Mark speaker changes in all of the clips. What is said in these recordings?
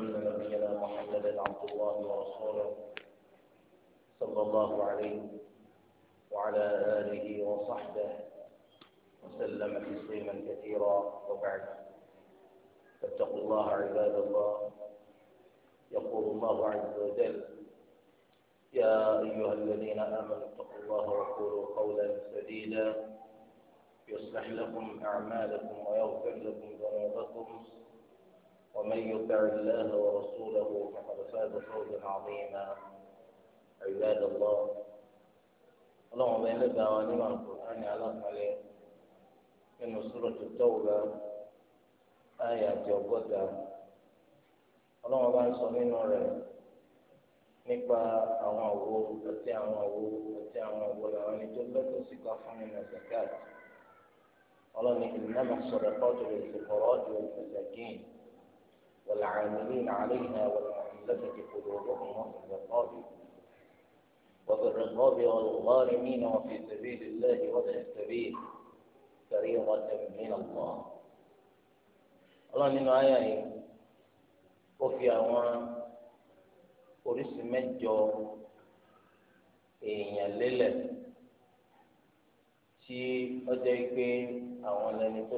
Speaker 1: أن نبينا محمدا عبد الله ورسوله صلى الله عليه وعلى آله وصحبه وسلم تسليما كثيرا وبعد فاتقوا الله عباد الله يقول الله عز وجل يا أيها الذين آمنوا اتقوا الله وقولوا قولا سديدا يصلح لكم أعمالكم ويغفر لكم ذنوبكم ومن يطع الله ورسوله فقد فاز فوزا عظيما عباد الله
Speaker 2: اللهم بين na القرآن
Speaker 1: على قليل من سورة التوبة آية جوبتا اللهم بين صمين ورد nípa àwọn àwo àti àwọn àwo àti àwọn àwo làwọn ẹni tó fún zakat ọlọ́ni ìnáma sọ̀rọ̀ rẹ̀ والعاملين عليها والمؤلفة قلوبهم وفي الرقاب وفي الرقاب والغارمين وفي سبيل الله وابن السبيل فريضة من الله الله من آية وفي أوان oríṣi mẹ́jọ èèyàn lélẹ̀ tí ọjọ́ ìgbé àwọn ẹni tó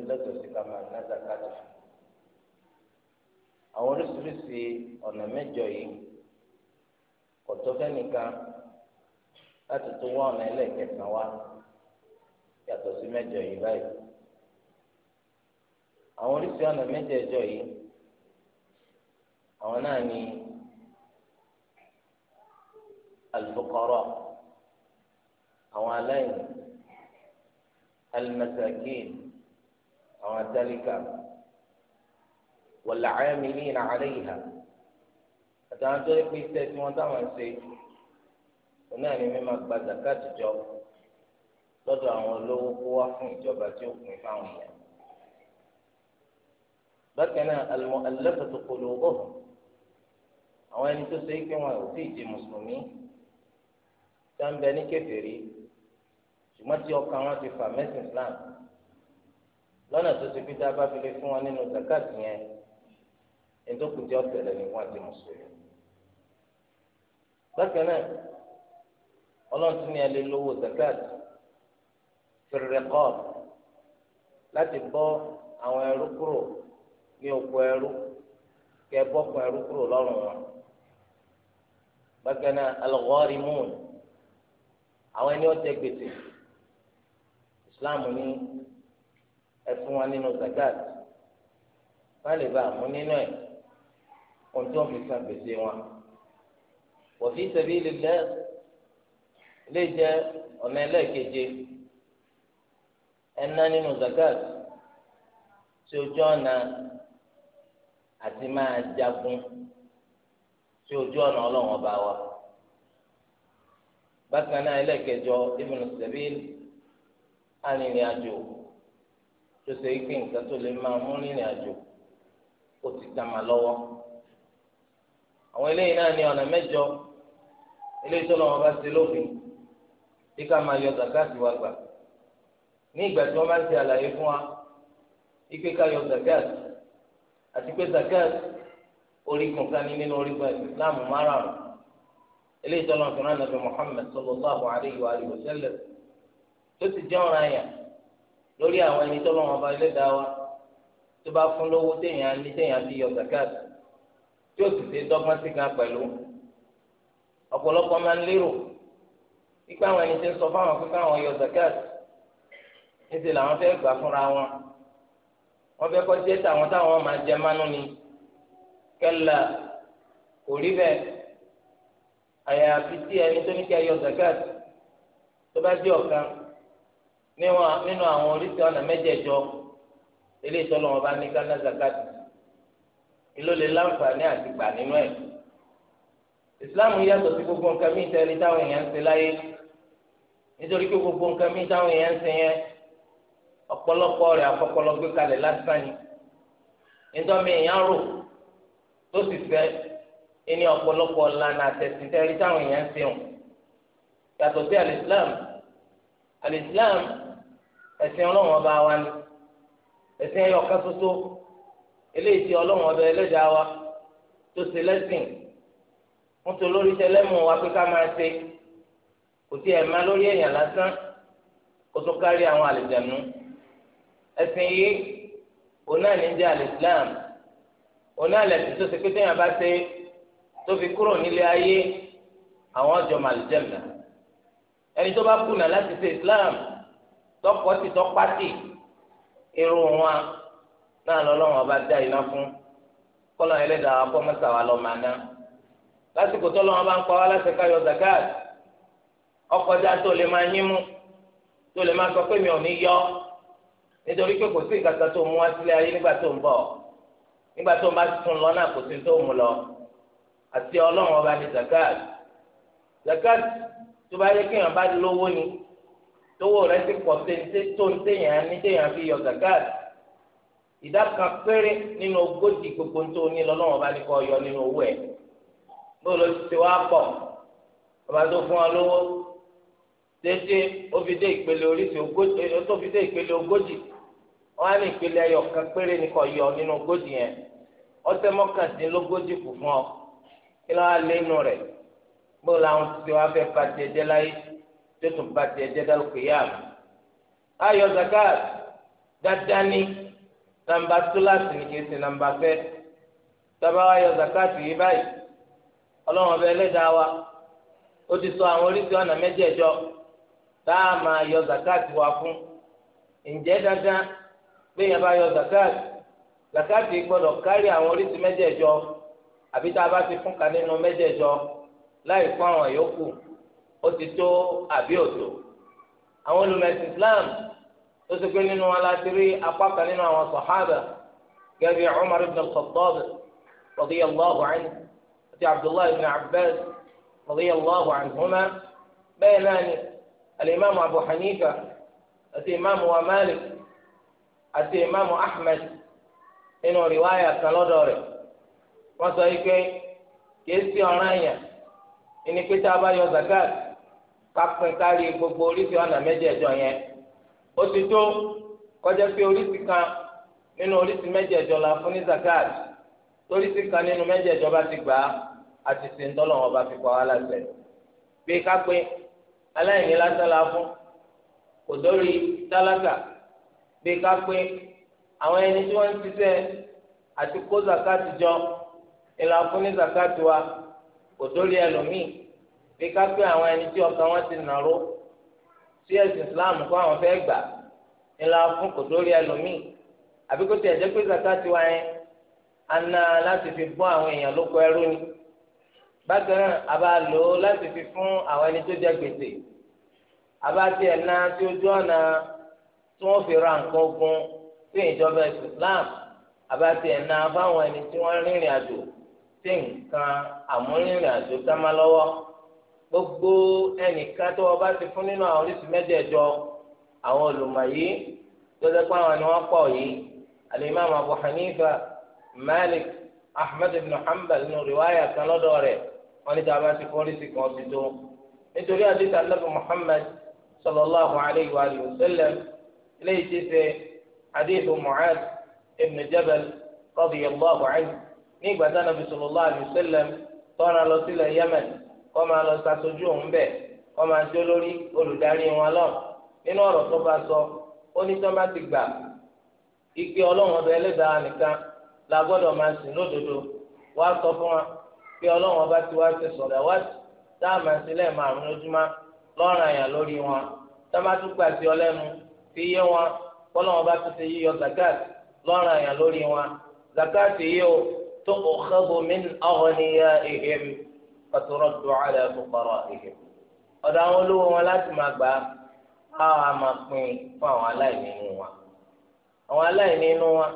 Speaker 1: àwọn oríṣiríṣi ọ̀nà mẹ́jọ yìí kò tó fẹ́nìkan láti tó wá ọ̀nà ẹlẹ́ẹ̀kẹsàn wá yàtọ̀ sí mẹ́jọ yìí báyìí àwọn oríṣi ọ̀nà mẹ́jẹ̀ẹ̀jọ yìí àwọn náà ní alfukọrọ àwọn aláìní alimasakin àwọn atálíkà. والعاملين عليها àtàwọn tó yẹ pé iṣẹ́ tí wọn táwọn ṣe wọn náà ní mímọ̀ gba zakati jọ lọ́dọ̀ àwọn olówó kó wá fún ìjọba tí ó pín fáwọn èèyàn bákan náà al-mu'allafatu qulubuhum àwọn ẹni tó ṣe é pé wọn ò tí ì di mùsùlùmí tá ń bẹ ní kèfèrí ṣùgbọ́n tí ọkàn wọn ti fà mẹ́sìn Islam lọ́nà tó ṣe pé tá a bá fi lè fún wọn nínú zakati yẹn ntòkùtì ọ̀sẹ̀lẹ̀ ni wọ́n ti mùsùlùmí. bákan náà ọlọ́run tún ní ẹ lè lówó zakat fìrìkọ́ọ̀ láti bọ́ àwọn ẹrú kúrò ní oko ẹrú kẹ bọ́kùn ẹrú kúrò lọ́rùn wọn. bákan náà mún àwọn ẹni ọ̀tẹ̀ gbèsè Islam ní ẹ̀fún wọn nínú zakat wọ́n lè bá àmú nínú ẹ̀ ohun tí wọ́n fi san gbèsè wọn. wọ́fí sabilillah lè jẹ́ ọ̀nà ẹlẹ́ẹ̀keje ẹ̀ná nínú zakat tí ojú ọ̀nà àti máa jagun tí ojú ọ̀nà ọlọ́run ọba wa. bákan náà ẹlẹ́ẹ̀kẹjọ ibùdó sabil arìnrìn-àjò tó ṣe é pé nǹkan tó lè máa mú rìnrìn-àjò ó ti dá ma lọ́wọ́ àwọn eléyìí náà ní ọ̀nà mẹ́jọ eléyìí tó lọ́wọ́ bá ṣe lófin bí ká máa yọ zakati wa gbà ní ìgbà tí wọ́n bá ń ṣe àlàyé fún wa ipe ká yọ zakati àti pé zakati orígun kan ní nínú orígun Islam márùn-ún eléyìí tó lọ́wọ́ fún anabi Muhammad sallallahu alayhi wa alihi wa sallam tó ti jẹ́ ọ̀ràn yẹn lórí àwọn ẹni tó lọ́wọ́ bá ilé dá wa tó bá fún lówó téèyàn ní téèyàn fi yọ zakati tí ó sì ṣe dọ́gbọ́n sí gan pẹ̀lú ọ̀pọ̀lọpọ̀ máa ń lérò ipa àwọn ẹni tí ń sọ fáwọn pé káwọn yọ zakat níṣẹ́ làwọn fẹ́ gbà fúnra wọn wọ́n fẹ́ kọ́ jẹ́ tàwọn táwọn máa jẹ mánú ni kẹ́là kò rí bẹ́ẹ̀ àyàfi tí ẹni tó ní kí a yọ zakat tó bá jẹ́ ọ̀kan nínú àwọn oríṣi ọ̀nà mẹ́jẹ̀ẹ̀jọ eléyìí tó lọ́wọ́ bá ní ká ná zakat ìlò lè láǹfààní àti gbà nínú ẹ̀. ìsìláàmù yàtọ̀ sí gbogbo nǹkan mí tẹ́ni táwọn èèyàn ń ṣe láyé nítorí pé gbogbo nǹkan mí táwọn èèyàn ń ṣe yẹn ọ̀pọ̀lọpọ̀ rẹ̀ àfọpọlọ gbé kalẹ̀ lásán ni nítorí èèyàn rò tó sì fẹ́ ẹni ọ̀pọ̀lọpọ̀ lànà àtẹ̀sí tẹ́ni táwọn èèyàn ń ṣe hàn yàtọ̀ sí alìsíláàmù alìsíláàmù ẹ̀sìn ọlọ́run ọba wa ni ẹ̀sìn ẹyọ kan ṣoṣo eléyìí tí ọlọ́run ọbẹ̀ ẹlẹ́dàá wa tó ṣe lẹ́sìn wọ́n tó lórí tẹlẹ́mù wa pé ká máa ṣe kò tí ẹ̀ má lórí èèyàn lásán kó tó kárí àwọn àlejànú ẹ̀sìn yìí òun náà ní jẹ́ àlìsílám òun náà lẹ̀sìn tó ṣe pé téèyàn bá ṣe tó fi kúrò nílé ayé àwọn ọjọ́ màlìjẹ́mìlá ẹni tó bá kùnà láti ṣe Islam tọkọ tọpátì irun wọn náà lọ́lọ́run ọba dá iná fún kọ́lọ́ ẹlẹ́dàá kọ́ mẹ́ta wa lọ́ máa ná lásìkò tọ́lọ́run bá ń pa wá láti káyọ̀ zakat ọkọjá tó lè máa yín mú tó lè máa sọ pé mi ò ní yọ nítorí pé kò sí ìkàtà tó mú wá sílé ayé nígbà tó ń bọ̀ nígbà tó ń bá tún lọ náà kò sí tó mú lọ àti ọlọ́run ọba ní zakat zakat tó bá yẹ kéèyàn bá lówó ni tówó rẹ ti pọ̀ sí tó ń téèyàn ní téèyàn fi yọ zakat ìdá kan péré nínú ogójì gbogbo tó ní lọ́lọ́wọ́n bá ní kọ́ yọ nínú owó ẹ̀ bó ló ti wá pọ̀ ọba tó fún ọ lówó dédé ó fi dé ìpele oríṣi ogójì ó tó fi dé ìpele ogójì wọn á ní ìpele ẹyọ kan péré ní kọ́ yọ nínú ogójì yẹn ọtẹ mọ́kàndínlógójì kù fún ọ kí ló wá lé inú rẹ̀ bó làwọn ti wá fẹ́ ba tiẹ̀ jẹ́ láyé tó tún ba tiẹ̀ jẹ́ dálókè yá mi ayọ̀ zakat dáadáa ní nàmbà tó láti ní kìí ṣe nàmbà fẹ́ sábà wá yọ zakati yìí báyìí ọlọ́run ọbẹ̀ ẹlẹ́dàá wa ó ti sọ àwọn oríṣi ọ̀nà mẹ́jẹ̀ẹ̀jọ tá a máa yọ zakati wa fún ǹjẹ́ dandan bí yẹn bá yọ zakati zakati gbọ́dọ̀ kárí àwọn oríṣi mẹ́jẹ̀ẹ̀jọ àbí tá a bá ti fún ka nínú mẹ́jẹ̀ẹ̀jọ láì fún àwọn yòókù ó ti tó àbí òtò àwọn olùmẹ̀sìn Islam tó ṣe pé nínú wọn láti rí apá kan nínú àwọn sàhábà gẹ́gẹ́ Umar ibn al-Khattab radiyallahu anhu àti Abdullah ibn Abbas radiyallahu anhuma bẹ́ẹ̀ náà ni alimami Abu Hanifa àti imaamu wa Malik àti imaamu Ahmed nínú riwaayà kan lọ́dọ̀ rẹ̀ wọ́n sọ yìí pé kìí sí ọ̀ràn yẹn ẹni pé tá a bá yọ zakat ká pín kárí gbogbo oríṣi ọ̀nà mẹ́jẹ̀ẹ̀jọ yẹn ó ti tó kọjá pé oríṣi kan nínú oríṣi mẹ́jẹ̀ẹ̀jọ la fún ní zakat oríṣi kan nínú mẹ́jẹ̀ẹ̀jọ bá ti gbà á àti ṣe ń tọ́lọ̀ wọn bá fi pa wá láṣẹ. bí kápẹ́ aláìní lásán la fún kò dórí tálákà bí kápẹ́ àwọn ẹni tí wọ́n ń ṣiṣẹ́ àti kó zakat jọ ìlà fún ní zakat wa kò dórí ẹlòmíì bí kápẹ́ àwọn ẹni tí ọkàn wọn ti nàró sí ẹ̀sìn islam kó àwọn fẹ́ gbà ńlá fún kò tó rí ẹlòmíì àbí kó tiẹ̀ jẹ́ pé zakati wa yẹn aná láti fi bọ́ àwọn èèyàn lóko ẹrú ni bákan náà a bá lò ó láti fi fún àwọn ẹni tó jẹ gbèsè a bá tiẹ̀ ná tí ojú ọ̀nà tí wọ́n fi ra nǹkan ogun fún ìjọba ẹ̀sìn islam a bá tiẹ̀ ná fáwọn ẹni tí wọ́n rìnrìn àjò sí nǹkan àmúrìnrìn àjò sámá lọ́wọ́ gbogbo ẹnìkan tó ọba ti fún nínú àwọn oríṣi mẹ́jẹ̀ẹ̀jọ àwọn olùmọ̀ yìí tó ṣe pé àwọn ni wọ́n pọ̀ yìí alimami abu hanifa malik ahmed ibn hanbal nínú riwaya kan lọ́dọ̀ rẹ̀ wọ́n ní tí a bá ti fún oríṣi kan ti tó nítorí àdìsí alábi muhammad sallallahu alayhi wa sallam iléyìí ti ṣe àdìsí mu'ad ibn jabal radiyallahu anhu ní ìgbà tí anabi sallallahu alayhi wa sallam tọ́ra lọ sílẹ̀ yemen kọ́ máa lọ ṣàṣojú òun bẹ̀ kọ́ máa jó lórí olùdarí wọn lọ nínú ọ̀rọ̀ tó bá sọ ó ní tí wọ́n bá ti gbà ìpè ọlọ́run ọba ẹlẹ́dàá nìkan la gbọ́dọ̀ máa sìn lódodo wá sọ fún wa pé ọlọ́run ọba ti wá ti sọ̀rọ̀ wá tá a máa sílẹ̀ lójúmọ́ lọ́rùn àyàn lórí wọn tá tún gbà sí ọlẹ́nu fi yé wọn kọ́lọ́run ọba tún ti yíyọ zakat lọ́rùn àyàn lórí wọn zakat yìí o tó kò xẹ́bo ọ̀hún ni ya ìhẹ́mi. فترد على فقرائهم ọ̀dọ̀ àwọn olówó wọn láti máa gbà á á máa pín fún àwọn aláìní inú wa àwọn aláìní inú wa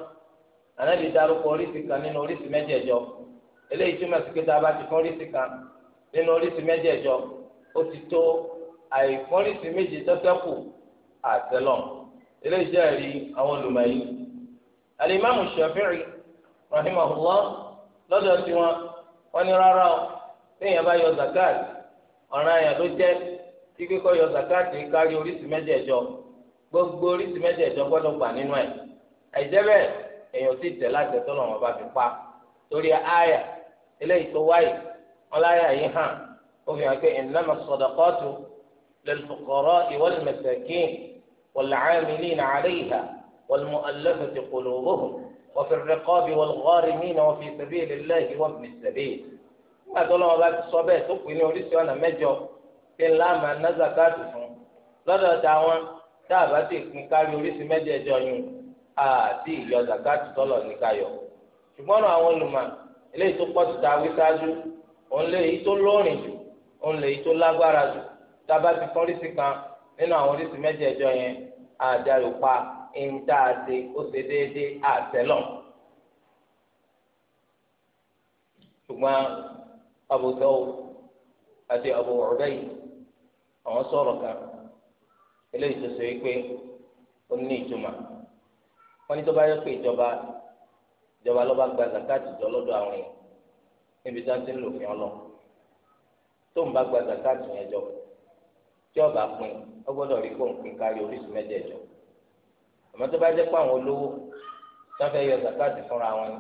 Speaker 1: ànábì dárúkọ oríṣi kan nínú oríṣi mẹ́jẹ̀ẹ̀jọ eléyìí túmọ̀ sí pé tá a bá ti fún oríṣi kan nínú oríṣi mẹ́jẹ̀ẹ̀jọ ó ti tó àìfún oríṣi méje tọ́tẹ́kù àtẹlọ eléyìí jẹ́ ẹ̀rí àwọn olùmọ̀ọ́yì alimami shafi'i rahimahullah lọ́dọ̀ tiwọn wọ́n ní rárá o téèyàn bá yọ zakat ọ̀ràn àyàn ló jẹ́ tí kíkọ́ yọ zakat kárí oríṣi mẹ́jẹ̀ẹ̀jọ gbogbo oríṣi mẹ́jẹ̀ẹ̀jọ gbọ́dọ̀ gbà nínú ẹ̀ àìjẹ́ bẹ́ẹ̀ èèyàn sì tẹ̀ láti ẹ̀tọ́ lọ́wọ́ bá fi pa torí àyà eléyìí tó wáyé ọláyà yìí hàn ó fi hàn pé innama sadaqatu lil fuqara'i wal nígbà tó lọ́wọ́ bá ti sọ bẹ́ẹ̀ tó pè ní oríṣi ọ̀nà mẹ́jọ tí ńlá máa ná zakatu fún lọ́dọ̀ táwọn tá a bá ti pín kárí oríṣi mẹ́jẹ̀ẹ̀jọ yùn àti ìyọ zakatu tọ́lọ̀ ní kayọ̀ ṣùgbọ́n àwọn olùmọ̀ eléyìí tó pọ̀ sí ta wí sáájú òun lè yí tó lóòrìn jù òun lè yí tó lágbára jù tá a bá ti fọ́n oríṣi kan nínú àwọn oríṣi mẹ́jẹ̀ẹ̀jọ yẹn àdàlù pa ìńtà àti ó ṣe déédéé àtẹ́lọ̀ ṣùgbọ́n abu dawud àti abu ubayd àwọn sọ̀rọ̀ kan eléyìí tó sọ yìí pé ó ní wọn ní tó bá yẹ pé ìjọba ìjọba gba zakati jọ lọ́dọ̀ àwọn yẹn níbi tí wọn ti ń lò fún ọ lọ tó ń bá gba zakati yẹn jọ ọ rí kóun kárí oríṣi mẹ́jẹ̀ẹ̀jọ àmọ́ tó bá jẹ́ pé àwọn olówó yọ zakati fúnra wọn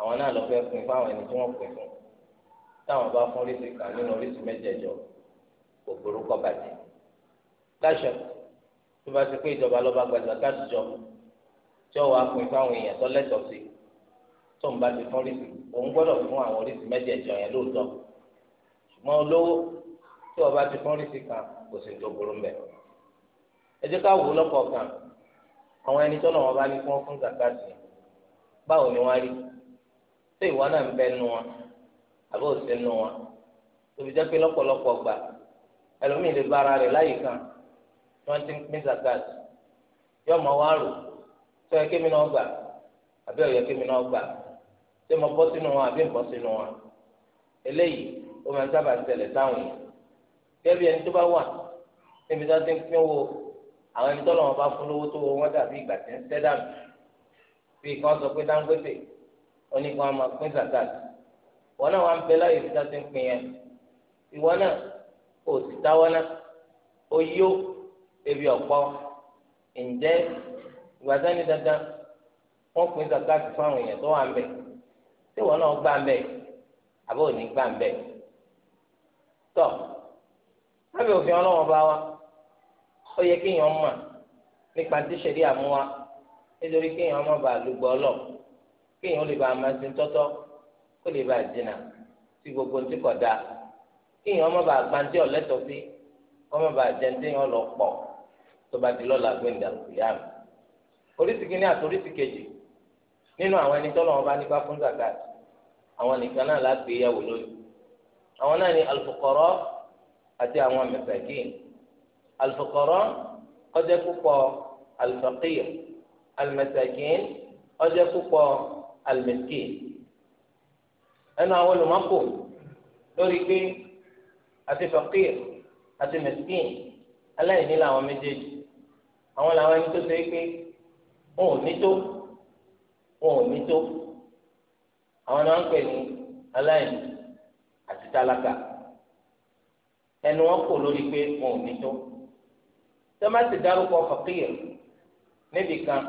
Speaker 1: àwọn náà lọ fún táwọn bá fún oríṣi kan nínú oríṣi mẹ́jẹ̀ẹ̀jọ kò burúkọ bàjẹ́ láṣọ tó bá ti pé ìjọba lọ́ba gbàgbà káàtì jọ tí ó wàá pín fáwọn èèyàn tó lẹ́tọ̀ọ́ sí tó ń bá ti fún oríṣi òun gbọ́dọ̀ fún àwọn oríṣi mẹ́jẹ̀ẹ̀jọ yẹn lóòótọ́ ṣùgbọ́n olówó tí ọba ti fún oríṣi kan kò sì tó burú mbẹ ẹ jẹ́ ká wò lọ́kọ̀ọ̀kan àwọn ẹni tó náà wọn bá ní kí wọ́n fún zakati báwo ni wọ́n rí ṣé ìwọ náà ń bẹ nu wọn àbí òsè nù wọn tóbi jẹ́ pé lọ́pọ̀lọpọ̀ gbà ẹlòmíì lè bá ara rẹ̀ láyè kan tí wọ́n ti ń pín zakat yọ ọmọ wa rò tó yẹ kémi náà gbà àbí ọ̀yẹ́ kémi náà gbà tó mọ bọ́ sínú wọn àbí nbọ́ sínú wọn eléyìí ó máa ń sábà ṣẹlẹ̀ sáwọn yìí kẹ́bi ẹni tó bá wà níbi tí wọ́n ti ń pín wo àwọn ẹni tọ́lọ̀ wọn bá fún lówó tó wọ wọ́n dàbí ìgbà tí ń tẹ́ dànù bí kan sọ pé Dangote oníkan máa pín zakat wọn náà wà ń bẹ láyé ibi tá a ti ń pin yẹn ìwọ náà kò sì táwọ náà ó yó ebi ọ̀pọ̀ ǹjẹ́ ìgbà sẹ́ni dandan wọ́n pin zakati fáwọn èèyàn tó wà ń bẹ̀ tí ìwọ náà gbà ń bẹ̀ àbí òní gbà ń bẹ̀ tọ́ lábẹ́ òfin ọlọ́wọ́n bá wa ó yẹ kéèyàn mọ̀ nípa tí sẹ̀rí àmúwa nítorí kéèyàn má bàa lùgbọ́ ọlọ́ kéèyàn ó lè bàa máa sin tọ́tọ́ kó lè bá dínà sí gbogbo ntí kò dáa kí èèyàn má bàa gbantí ọ̀lẹ́tọ̀ sí kó má bàa jẹ ntí èèyàn lọ pọ̀ tó bá di lọ́la gbẹ̀ndà kìyàm oríṣi kìíní àti oríṣi kejì nínú àwọn ẹni tọ́lọ́ wọn bá nípa fún zakat àwọn nìkan náà láti yẹ̀wò lónìí àwọn náà ni alfuqara àti àwọn masakin alfuqara ọjọ́ púpọ̀ alfaqir almasakin ọjọ́ púpọ̀ almiskin ẹnu àwọn olùmọ́kò lórí pé àti fakir àti mẹsìkìn aláìní làwọn méjèèjì àwọn làwọn ẹni tó ṣe é pé wọn ò ní tó wọn ò ní tó àwọn náà ń pè ní aláìní àti tálákà ẹnu wọn kò lórí pé wọn ò ní tó tẹmẹtì dárúkọ fakir níbi kan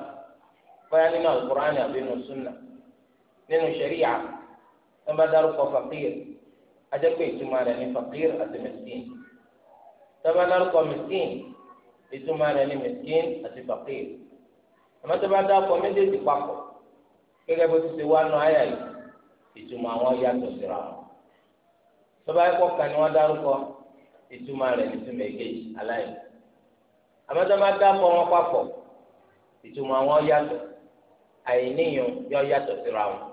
Speaker 1: bóyá nínú alukur'ani àbí nínú nínú sẹríya wọn bá dárúkọ fàkìr ajẹ́pẹ́ ìtumọ̀ rẹ̀ ní fàkìr àti mẹsìn wọn bá dárúkọ mẹsìn ìtumọ̀ rẹ̀ ní mẹsìn àti fàkìr àmọ́ tó bá dárúkọ méjèèjì papọ̀ gẹ́gẹ́ bó ti ṣe wá nù ayà yìí ìtumọ̀ àwọn yàtọ̀ síra wọn tó bá ẹ̀kọ́ kan ni wọ́n dárúkọ ìtumọ̀ rẹ̀ ní túmọ̀ èkejì aláìní àmọ́ tó bá dárúkọ wọn papọ̀ ìtumọ̀ àwọn yàtọ̀ àìníyàn yọ yàtọ̀ síra wọn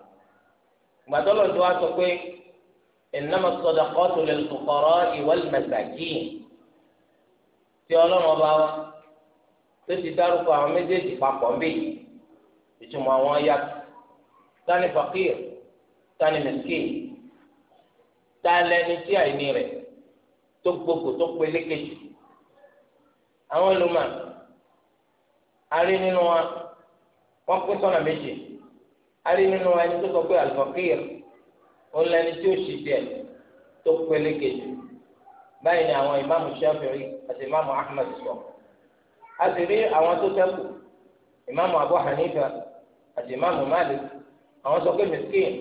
Speaker 1: gbàdọ́lọ̀ tó wá sọ pé innama as-sadaqatu lil-fuqara'i wal-masakin tí ọlọ́run ọba wa tó ti dárúkọ àwọn méjèèjì papọ̀ ńbẹ ìtumọ̀ àwọn yàtọ̀ tani fakir tani miskin tani ẹni tí àìní rẹ̀ tó gbogbo tó peléke jù àwọn olùmọ̀ arí nínú wa wọ́n pín sọ́nà méjì ari nínú ẹni tó sọ pé alifakir ó lẹni tí ó sì tiẹ̀ tó peléke jù báyìí ni àwọn ìmáàmù Shafi'i àti ìmáàmù Ahmad sọ a sì rí àwọn tó ṣẹ́kù ìmáàmù Abu Hanifa àti ìmáàmù Malik àwọn sọ pé miskin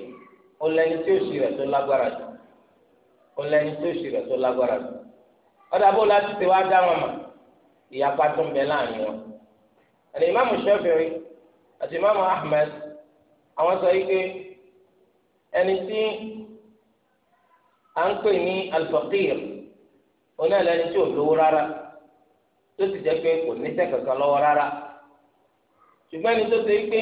Speaker 1: ó lẹni tí ó sì rẹ̀ tó lágbára jù ó lẹni tí ó sì rẹ̀ tó lágbára jù ọ̀dà bó láti ti wá dá wọn mọ̀ ìyapa tó ń bẹ láàrin wọn àti ìmáàmù Shafi'i àti ìmáàmù Ahmad àwọn sọ yìí pé ẹni tí à ń pè ní alfaqir onílẹ̀ ẹni tí ò lówó rárá tó sì jẹ́ pé kò ní sẹ́kẹ̀kẹ́ lọ́wọ́ rárá ṣùgbọ́n ẹni tó ṣe yìí pé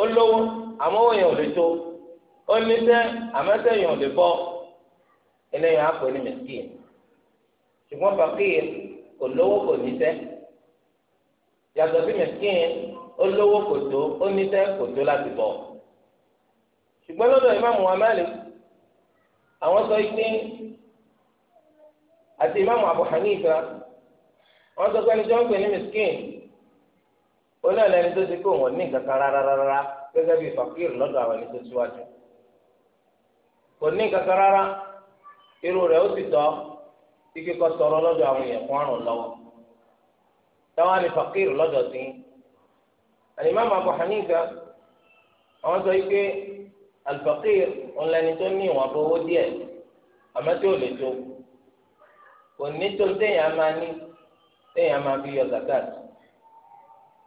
Speaker 1: ó lówó àmọ́ owó yẹn ò lè tó ó ní sẹ́ àmọ́ yẹn ò lè bọ́ eléyìí á pè ní mẹ́sìkì ṣùgbọ́n faqir kò lówó kò ní sẹ́ yàtọ̀ sí mẹ́sìkì yẹn. olówó kòtó oníṣẹ́ kòtó láti bọ̀ ṣùgbọ́n lọ́dọ̀ ìmáàmù wa Malik àwọn sọ pé àti ìmáàmù Abu Hanifa wọ́n sọ pé ẹni tí wọ́n pè ní miskin onílẹ̀ ẹni tó ti kó wọn ní kankan rárá gẹ́gẹ́ bí fakir lọ́dọ̀ àwọn ẹni tó síwájú kò ní kankan rárá irú rẹ̀ ó sì tọ́ sọ̀rọ̀ lọ́dọ̀ àwọn èèyàn fún àrùn lọ́wọ́ alimami abu hanifa àwọn sọ yìí pé alifakir ọ̀nlẹ́ni tó ní ìwọ̀n owó díẹ̀ àmọ́ tí ò lè tó kò ní tó téèyàn máa ní téèyàn máa fi yọ zakat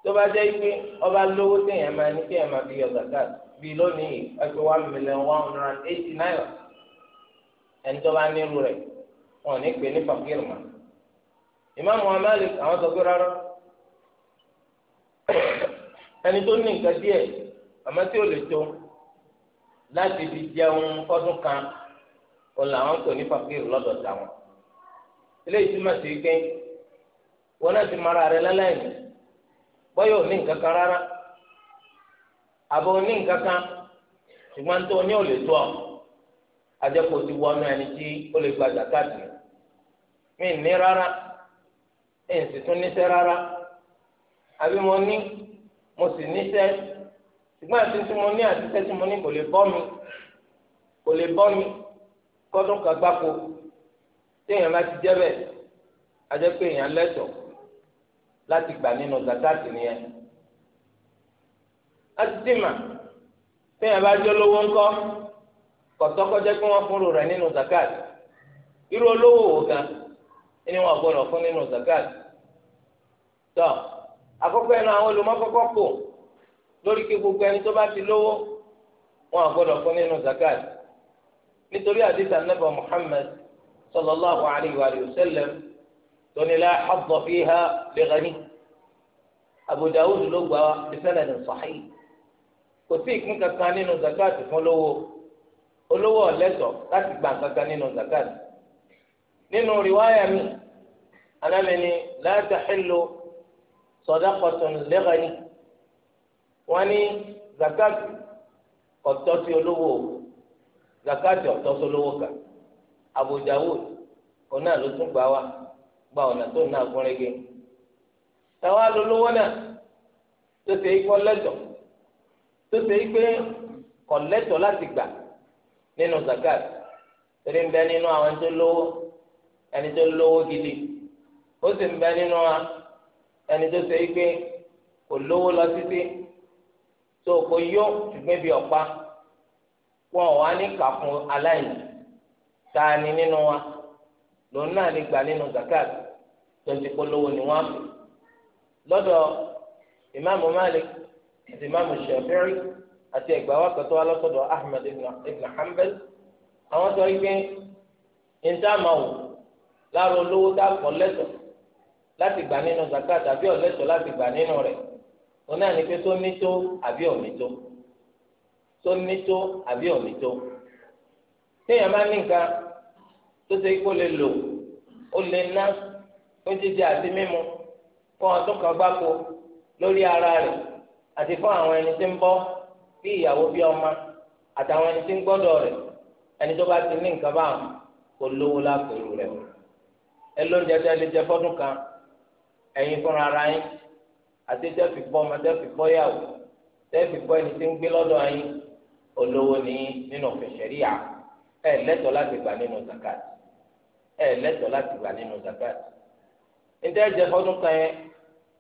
Speaker 1: tó bá jẹ́ pé ọba lówó téèyàn máa ní téèyàn máa fi yọ zakat bí lónìí ẹgbẹ́ one million one hundred and eighty naira ẹni tó bá nírú rẹ̀ wọn ò ní pè ní fakir mọ́ ìmáàmù Malik àwọn sọ pé rárá ẹni tó ní nǹkan díẹ̀ àmọ́ tí ò lè tó láti fi jẹun fọ́dún kan òun làwọn tó ní fàkìrì lọ́dọ̀ tàwọn eléyìí túmọ̀ sí pé wọn náà ti mara rẹ lẹ́lẹ́yìn bọ́yọ̀ ní nǹkan kan rárá àbọ̀ ní nǹkan kan ṣùgbọ́n tó ní ò lè tó ọ adẹ́kọ̀ọ́ ti wọnú ẹni tí ó lè gba zakati mi ní rárá èyí sì tún níṣẹ́ rárá àbí mo ní mo sì níṣẹ́ ṣùgbọ́n àti tí mo ní àtisẹ́ tí mo ní kò lè bọ́ mi kò lè bọ́ mi kọ́dún kan gbáko téèyàn bá ti jẹ́ bẹ́ẹ̀ ajẹ́ pé èèyàn lẹ́tọ̀ọ́ láti gbà nínú zakati nìyẹn láti dì mà téèyàn bá jẹ́ olówó ńkọ́ kọ̀tọ́kọ́jẹ́ pé wọ́n fúnrò rẹ̀ nínú zakati irú olówó wò gan ni wọ́n gbọ́dọ̀ fún nínú zakati tọ́. So, àkọ́kọ́ ẹnu àwọn olùmọ́kọ́kọ́ kò lórí kí gbogbo ẹni tó bá ti lówó wọn àgbọ́dọ̀ fún nínú zakat nítorí àdìsá nàbà Muhammad sallallahu alayhi wa sallam tónílá hadda fiha li ghani Abu Dawud ló gbà wá bi sanadin sahih kò sí ìpín kankan nínú zakat fún lówó olówó ọ̀lẹ́sọ̀ láti gbà kankan nínú zakat nínú riwaya anamini la tahillu sadaqatan lighani wọ́n ní zakat ọ̀tọ́ sí olówó zakat ọ̀tọ́ sí olówó kan Abu Dawud ọ̀nà ló tún gbà wá gba ọ̀nà tó nà gúnrégé táwa lólówó náà tó ṣe ikú ọlẹ́tọ̀ tó ṣe ikú kọ̀lẹ́tọ̀ láti gbà nínú zakat torí ń bẹ nínú àwọn tó lówó ẹni tó lówó gidi ó sì ń bẹ nínú wa ẹni tó ṣe pé kò lówó lọ títí tó kò yó ṣùgbọ́n ibi ọ̀pá wọn ò wá ní kà fún aláìní tá a ní nínú wa lòun náà lè gbà nínú zakat tó ti kó ni wọn fi lọ́dọ̀ ìmáàmù Malik àti ìmáàmù Shafi'i àti ẹgbàá wa kẹtọ́ alọ́sọ̀dọ̀ Ahmad ibn Hanbal àwọn sọ pé níta máa wò lára olówó tá a lẹ́sọ̀ọ́ láti gbà nínú zakat àbí ọ̀lẹ́tọ̀ láti gbà nínú rẹ̀ òun náà ní pé tó ní tó àbí òní tó tó ní tó àbí òní tó téèyàn máa ní nǹkan tó ṣe kó lè lò ó lè ná fún jíjẹ àti mímu fún ọdún kan gbáko lórí ara rẹ̀ àti fún àwọn ẹni tí ń bọ́ bí ìyàwó bí ọmọ àtàwọn ẹni tí ń gbọ́dọ̀ rẹ̀ ẹni tó bá ti ní nǹkan báwọn kò lówó lápò rẹ̀ ẹ lóúnjẹ tó jẹ fọ́dún kan ẹ̀yin fúnra ara yín àti tẹ́ fi gbọ́ ọmọ tẹ́ fi gbọ́ yàwó tẹ́ fi gbọ́ ẹni tí ń gbé lọ́dọ̀ yín olówó ní nínú òfin ṣẹ̀ríyà ẹ lẹ́tọ̀ọ́ láti gbà nínú zakat ẹ lẹ́tọ̀ọ́ láti gbà nínú zakat níta ẹ jẹ fọdún kan yẹn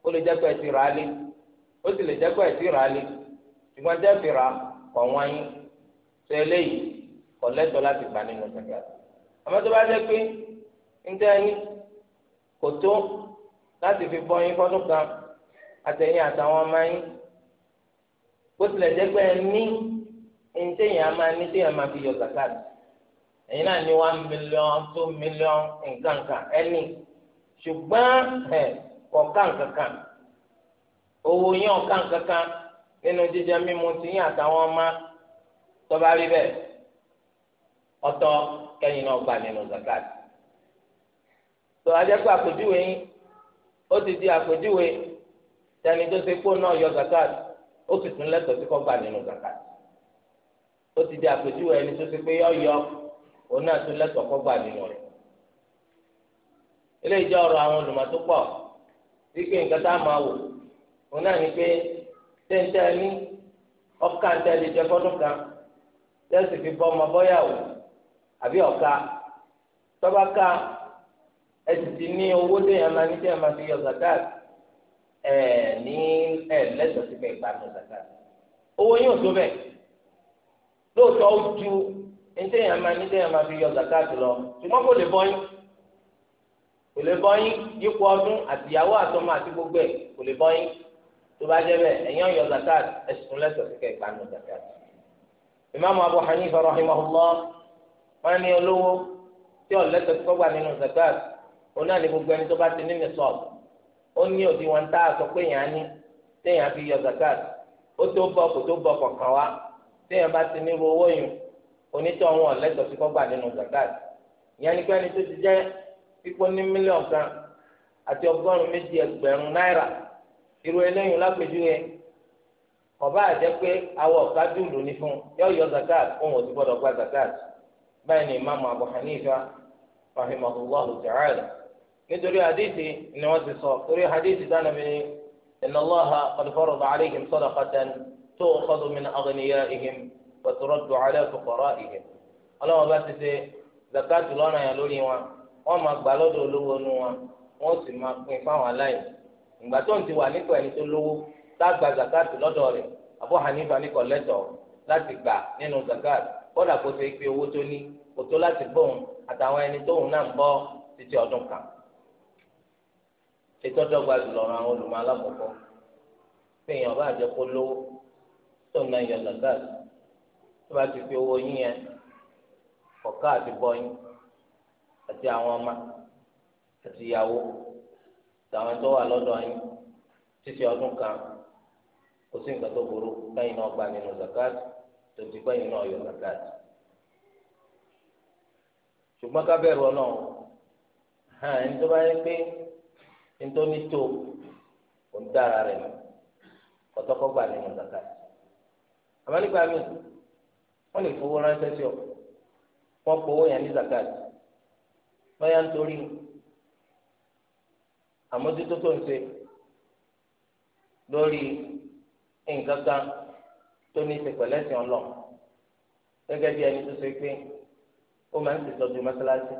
Speaker 1: ó lè jẹ́ pé ẹ ti rà á lé ó sì lè jẹ́ pé rà á lé ṣùgbọ́n tẹ́ fi rà kọ̀ wọ́n yín sọ eléyìí kọ̀ lẹ́tọ̀ọ́ láti gbà nínú zakat àmọ́ tó bá jẹ́ pé níta ẹni kò tó láti fi bọ́ yín fọ́dún kan àtẹ̀yìn àtàwọn ọmọ yín bó tilẹ̀ jẹ́ pé ẹ ní ẹni téèyàn ní téèyàn máa fi yọ zakat ẹ̀yin náà ní one million two million nǹkan kan ẹni ṣùgbọ́n ẹ̀ kọ̀ọ̀kan kankan owó yín ọ̀kan kankan nínú jíjẹ mímu ti yín àtàwọn ọmọ tọ́ba rí bẹ́ẹ̀ ọ̀tọ̀ kẹ́yìn náà gbà nínú zakat tó ajẹ́ pé àpèjúwe yín ó ti di àpèjúwe tẹni tó ṣe kó náà yọ zakat ó sì tún lẹ́tọ̀ọ́ sí kọ́gbà nínú zakat ó ti di àpèjúwe ẹni tó ṣe pé yọ yọ òun náà tún lẹ́tọ̀ọ́ kọ́gbà nínú rẹ̀ eléyìí jẹ́ ọ̀rọ̀ àwọn olùmọ̀ tó pọ̀ wípé nǹkan tá a máa wò òun náà ni pé tẹ́ntẹ́ ní ọ̀ka ń tẹ́lẹ̀ jẹ fọ́dún kan tẹ́sí fi bọ́ ọmọ bọ́yàwó àbí ọ̀ka tọ́ba ká ẹ sì ti ní owó téèyàn máa ní téèyàn máa fi yọ zakat ẹ ní ẹ lẹsọ sí pé ìgbàanù zakat owó yóò tó bẹ́ẹ̀ lóòótọ́ ó ju téèyàn máa ní téèyàn máa fi yọ zakat lọ ṣùgbọ́n kò lè bọ́yìn kò lè bọ́yìn yípo ọdún àtìyàwó àtọmọ àti gbogbo ẹ̀ kò lè bọ́yìn tó bá jẹ́ bẹ́ẹ̀ ẹ̀yàn yọ zakat ẹ lẹsọ sí pé ìgbàanù zakat imaamu abu hanifa rahimahullah wọn ní olówó tí ọ̀ lẹ́sọ̀ tó gbà nínú zakat. onáà ní gbogbo ẹni tó bá ti ní nìsọ́ọ̀bù ó ní òdiwọ̀n tá a sọ pé èèyàn ní téèyàn fi yọ zakat ó tó bọ̀ kò tó bọ̀ kọ̀ọ̀kan wá téèyàn bá ti ní owó yìí onítọ̀ wọn lẹ́tọ̀ọ́ sí kọ́gbà nínú zakat ìyẹn ni pé tó ti jẹ́ pípọ́ ní mílíọ̀n kan àti ọgọ́rùn-ún méjì ẹgbẹ̀rún náírà ọba pé awọ kájú ló fún yọ yọ zakat òun ò gbọ́dọ̀ gba zakat báyìí ni abu hanifa nítorí hadithi ni wọ́n ti sọ torí hadithi dáná mi inna Allaha qad farada alayhim sadaqatan tu'khadhu min aghniyaihim wa turaddu ala fuqara'ihim ọlọ́wọ́n bá ti ṣe zakatu lọ́nà yẹn lórí wọn wọ́n máa gbà lọ́dọ̀ olówó nu wọn wọ́n sì máa pín fáwọn aláìní ìgbà tó ń ti wà nípa ẹni tó lówó tá a gba lọ́dọ̀ rẹ̀ Abu Hanifa ní kọ̀lẹ́tọ̀ láti gbà nínú zakatu kódà kó ṣe pé owó tó ní kò tó láti gbóhùn àtàwọn ẹni tóhùn náà ń bọ́ títí ọdún kan ètò ọ̀dọ́gba jùlọ ọ̀ràn àwọn olùmọ̀ alákọ̀ọ́kọ́ fẹ̀yìn ọba àjẹkó lówó tó ń náyọ zakat tó bá ti fi owó yín yẹn ọ̀ká àti bọ́yìn àti àwọn ọmọ àti ìyàwó àtàwọn tó wà lọ́dọ̀ yín títí ọdún kan kò sí nǹkan tó burú lẹ́yìn náà gba nínú zakat tó ti gbẹ́yìn náà yọ zakat ṣùgbọ́n ká bẹ̀rù ọlọ́run ẹni tó bá yẹ pé nítorí tó kò ń dára rẹ̀ mọ́ kọ́tọ́kọ́gbà nínú kàkà àmọ́ nígbà míì wọ́n lè fowó ránṣẹ́ sí ọ wọ́n kó owó yẹn ní zakat lọ́yà nítorí àmójútó tó ń ṣe lórí nǹkan kan tó ní í ṣe pẹ̀lẹ́sìn ọlọ́ọ̀ gẹ́gẹ́ bí ẹni tó ṣe pé ó máa ń ṣètọ́jú mọ́ṣáláṣí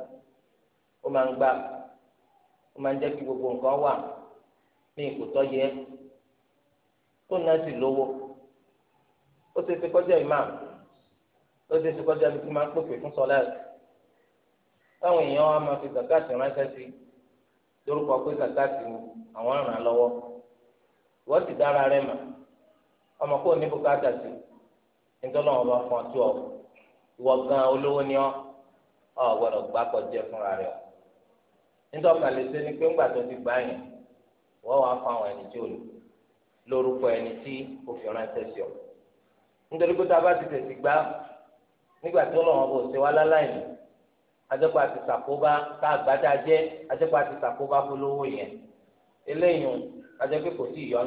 Speaker 1: ó máa ń gbà ó máa ń jẹ́ kí gbogbo nǹkan wà ní ipò tó yẹ tó náà sì lówó ó ṣe ti kọjá imam ó ṣe ti kọjá ibi tí máa ń pèpè fún sọláàtì táwọn èèyàn wa máa fi zakati ránṣẹ́ sí lórúkọ pé zakati àwọn ràn án lọ́wọ́ wọ́n ti dára rẹ̀ mà ọmọ kò ní bùkátà sí nítorí wọn bá fọ́n tó ọ ìwọ gan olówó ni ọ ọ gbọ́dọ̀ gbá kọjá fúnra rẹ̀ ọ nítorí ọkàn lè ṣe ni pé ńgbà tó ti gbà yẹn wọ́n wá fún àwọn ẹni tí ò ní lórúkọ ẹni tí òfin ránṣẹ́ sí ọ nítorí pé tá a bá ti tẹ̀sí gbá nígbà tó lọ́wọ́ bò ṣe wá láláì ní ajẹ́pọ̀ àti sàkóbá tá a gbádá jẹ́ ajẹ́pọ̀ àti sàkóbá polówó yẹn eléyìí ajẹ́pọ̀ kò tí ì yọ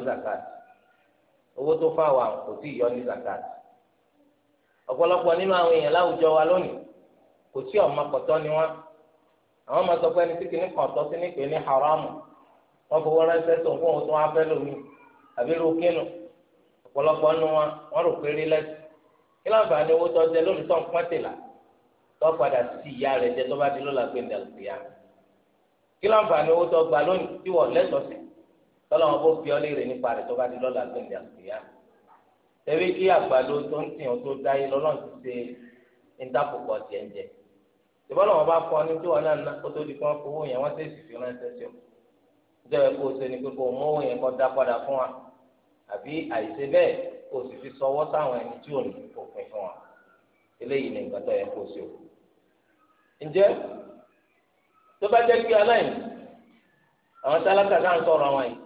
Speaker 1: owó tó fà wà kò tí ì yọ ọ̀pọ̀lọpọ̀ nínú àwọn èèyàn láwùjọ wa lónìí kò tí ọ̀ma àwọn máa sọ pé ẹni tí kìíní kan tọ́ sí ní pé ní haramu wọ́n fowó ránṣẹ́ sọ fún òun tó wá fẹ́ lómi àbí rúkínù ọ̀pọ̀lọpọ̀ nu wọn wọ́n rò pé rí lẹ́sìn kí láǹfààní owó tó jẹ lómi tó ń pọ́n tìlà tó padà sí ìyá rẹ̀ jẹ tó bá di lọ́la gbé ndàlùfìyà kí láǹfààní owó tó gbà lónìí tí wọ́n lẹ́sọ̀ọ̀sẹ̀ tọ́lọ́wọ́n bó fi léèrè nípa rẹ̀ tó bá di lọ́la gbé ndàlùfìyà tẹ̀wé kí àgbàdo tó ń tì ìbọ́lọ̀ wọn bá fọ ní tí wọn náà ná kótó di fún owó yẹn wọ́n fi sí ọ. ìjọba kó o ṣe ni pé kó o mú owó yẹn kọ́ dá padà fún wa àbí àìṣe kó o sì fi sọwọ́ sáwọn ẹni tí ò ní òfin fún wa. eléyìí ni nǹkan tó yẹ kó o ṣe o. ǹjẹ́ tó bá jẹ́ aláìní àwọn tálákà náà ń sọ̀rọ̀ àwọn yìí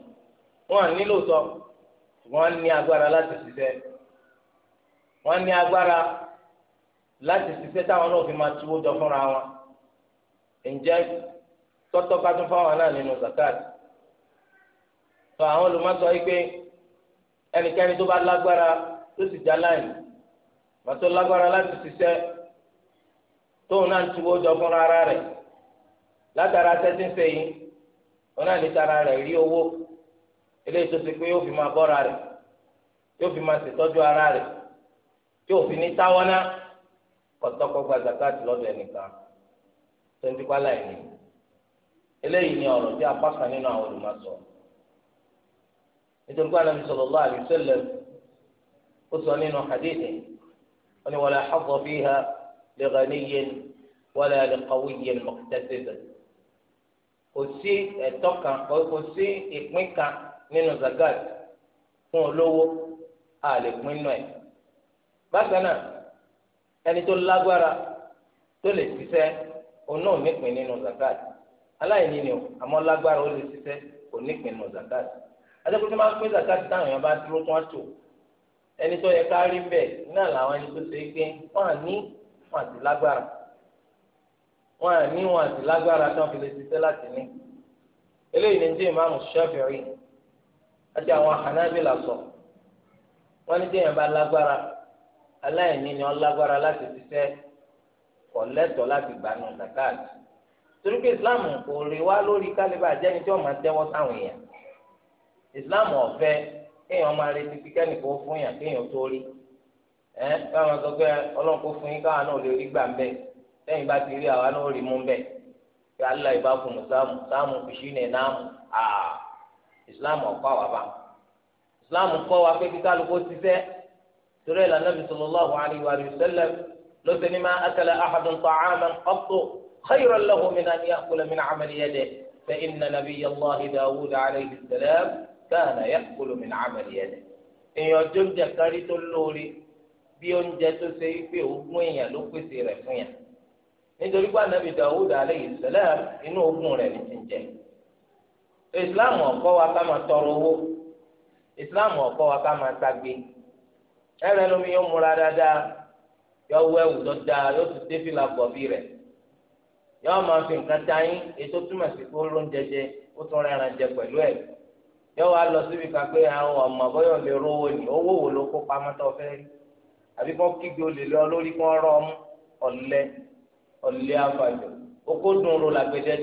Speaker 1: wọ́n á nílò sọ wọ́n á ní agbára láti ṣiṣẹ́ láti ṣiṣẹ́ táwọn náà fi máa tuwó jọ fúnra wọn ǹjẹ́ tọ́tọ́ ká tún fáwọn náà nínú zakat tó àwọn olùmọ̀sọ yìí pé ẹnikẹ́ni tó bá lágbára tó sì já láàyè màtó lágbára láti ṣiṣẹ́ tóun náà ń tuwó jọ fúnra ara rẹ̀ látara tẹ́tí ń fẹ́ yìí wọn náà ní rẹ̀ rí owó eléyìí tó ti pé yóò fi máa bọ́ra rẹ̀ yóò fi máa ṣètọ́jú ara rẹ̀ yóò fi ní táwọn náà kọtọkọ gba zakati lọ́dọ̀ ẹnìkan tẹnudikpa la yìí eléyìí ni ọ̀rọ̀ tí apá kan nínú àwọn olùmọsọ nítorí pé Ànábì sallallahu alaihi wasallam ó sọ nínú hadithi wọn ni wala hadda fiha li ghaniyyin wala li qawiyyin mọkítẹsẹsẹ kò sí ẹ̀tọ́ kan kò sí ìpín kan nínú zakati fún olówó àlèpín nù ẹ bákan náà ẹni tó lágbára tó lè ṣiṣẹ́ òun náà nípìn nínú zakat aláìní ni o àmọ́ lágbára ó lè ṣiṣẹ́ kò nípìn nínú zakat adékòó tó máa ń pín zakat táwọn èèyàn bá dúró tó wọn tò ẹni tó yẹ ká rí bẹ́ẹ̀ náà làwọn ẹni tó ṣe é gbé wọn à ní wọn àti lágbára wọn à ní wọn àti lágbára tó wọn fi lè ṣiṣẹ́ láti ní eléyìí ni jẹ́ ìmáàmù Shafi'i àti àwọn Hanabila sọ wọn ní jẹ́ ìyẹn bá lágbára aláìní ni wọn lágbára láti ṣiṣẹ́ kò lẹ́tọ̀ọ́ láti gbanú zakat torí pé islam kò rí wá lórí kálíbà jẹni tí wọn máa tẹ́wọ́ sáwọn èèyàn islam ọfẹ kéèyàn máa retí pé kẹ́nìkan ó fún yàn kéèyàn tó rí ẹ káwọn sọ pé ọlọ́run kó fún yín káwọn náà lè rí gbà ń bẹ lẹ́yìn bá ti rí àwa náà rí mú ń bẹ kí aláì bá fún sáàmù sáàmù fìṣí ní náàmù àà islam ọ̀pá wà bá islam kọ́ wa pé kí ti fẹ́ ترى النبي صلى الله عليه وآله وسلم لسن ما أكل أحد طعاما قط خيرا له من أن يأكل من عمل يده فإن نبي الله داود عليه السلام كان يأكل من عمل يده إن يجب جكاري تلولي بيون جاتو سيفي أبنية لكي سيرفنية نتولي قال نبي داود عليه السلام إنه أبنية لتنجة إسلام وقوة كما تروه إسلام وقوة كما تقبيه ẹrẹ lómi yóò múra dáadáa yọ wọ ẹ̀wù tó dáa yóò tún dé fìlà gbọ̀bí rẹ̀ yọ máa fi nǹkan ta yín ètò túmọ̀ sí pé ló ń jẹjẹ ó tún rẹran jẹ pẹ̀lú ẹ yọ wá lọ síbi pé àwọn ọmọ bọ́yọ̀ lè rówó ni owó wo ló kó pamọ́ tó fẹ́ rí àbí kígbe olè lọ lórí rọ ọmú okó dùn ro làgbẹ̀dẹ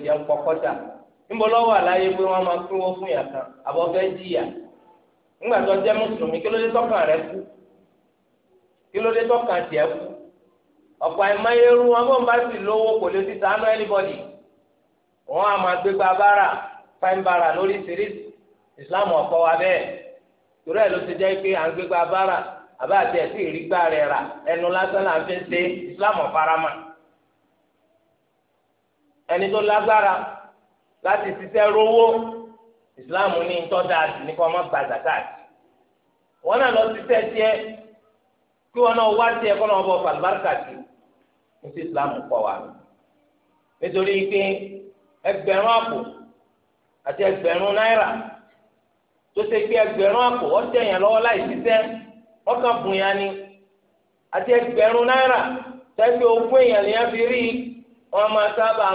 Speaker 1: tiẹ̀ ń kí ló dé tọ́kàn tiẹ̀ kú ọ̀pọ̀ àìmáyérú wọn bọ́n bá sì lówó kò lè ti sànú anybody wọn a máa gbégbá bára fáin bára lórí sírísì Islam ọ̀pọ̀ wa bẹ́ẹ̀ torí ẹ̀ ló ti jẹ́ pé à ń gbégbá bára àbá àti ẹ̀ sì rí gbá rẹ̀ rà ẹnu lásán là ń fi ṣe Islam ọ̀farama ẹni tó lágbára láti ṣiṣẹ́ rówó Islam ní tọ́ da àti ní kọ́ ọmọ gbàgbà káàkiri wọn náà lọ ṣiṣẹ́ tiẹ̀. kí wọn náà wá sí ẹ̀kọ́ náà bọ fàlùbáríkà ti ní sí islam kọ wa nítorí pé ẹgbẹ̀rún àpò àti ẹgbẹ̀rún náírà tó ṣe pé ẹgbẹ̀rún àpò ọtí ẹ̀yàn lọ́wọ́ láì ṣiṣẹ́ ọkàn bùn ni àti ẹgbẹ̀rún náírà tẹ́sí ogún èèyàn fi rí wọn máa sábà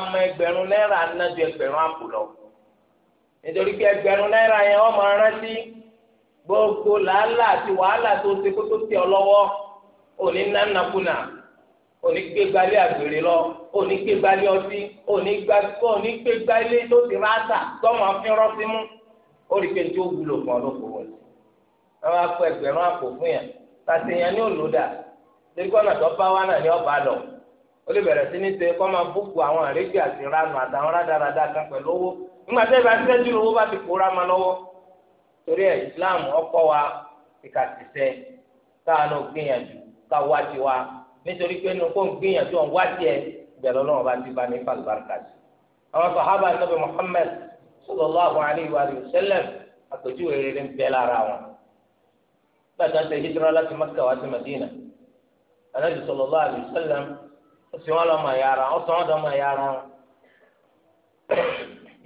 Speaker 1: mọ náírà àpò lọ gbogbo làálàá àti wàhálà tó ṣe kó tó òní nánàkúnà òní gbé gbalẹ̀ àgbèrè lọ òní gbé gbalẹ̀ ọtí òní gbé gbalẹ̀ tó ti ráàtà tọ́mọ fi rọ́ọ̀sì mú ó rí pé tí o wúlò fún wọn. àpò fún yẹn ọba lọ ó lè sí ní ṣe máa búkú àwọn àti àtàwọn rádaràdà kan pẹ̀lú owó nígbà bá ti kóra ma lọ́wọ́ torí ẹ̀ Islam ọkọ wa ìkàtìsẹ́ káà náà gbìyànjú ká wá tiwa nítorí pé nínú kó ń gbìyànjú ọ̀n wá tiẹ̀ bẹ̀rẹ̀ ọlọ́run bá ti bá ní fàlùbáríkà sí. àwọn sàhábà nàbẹ Muhammad sallallahu alayhi wa sallam àpèjúwe rere ń bẹ lára wọn. gbàgbà ṣe hijira láti Makka wá sí Madina anabi sallallahu alayhi wa sallam ó sì wọn lọ mọ ẹyà ara ó sọ wọn dọ mọ ẹyà ara wọn.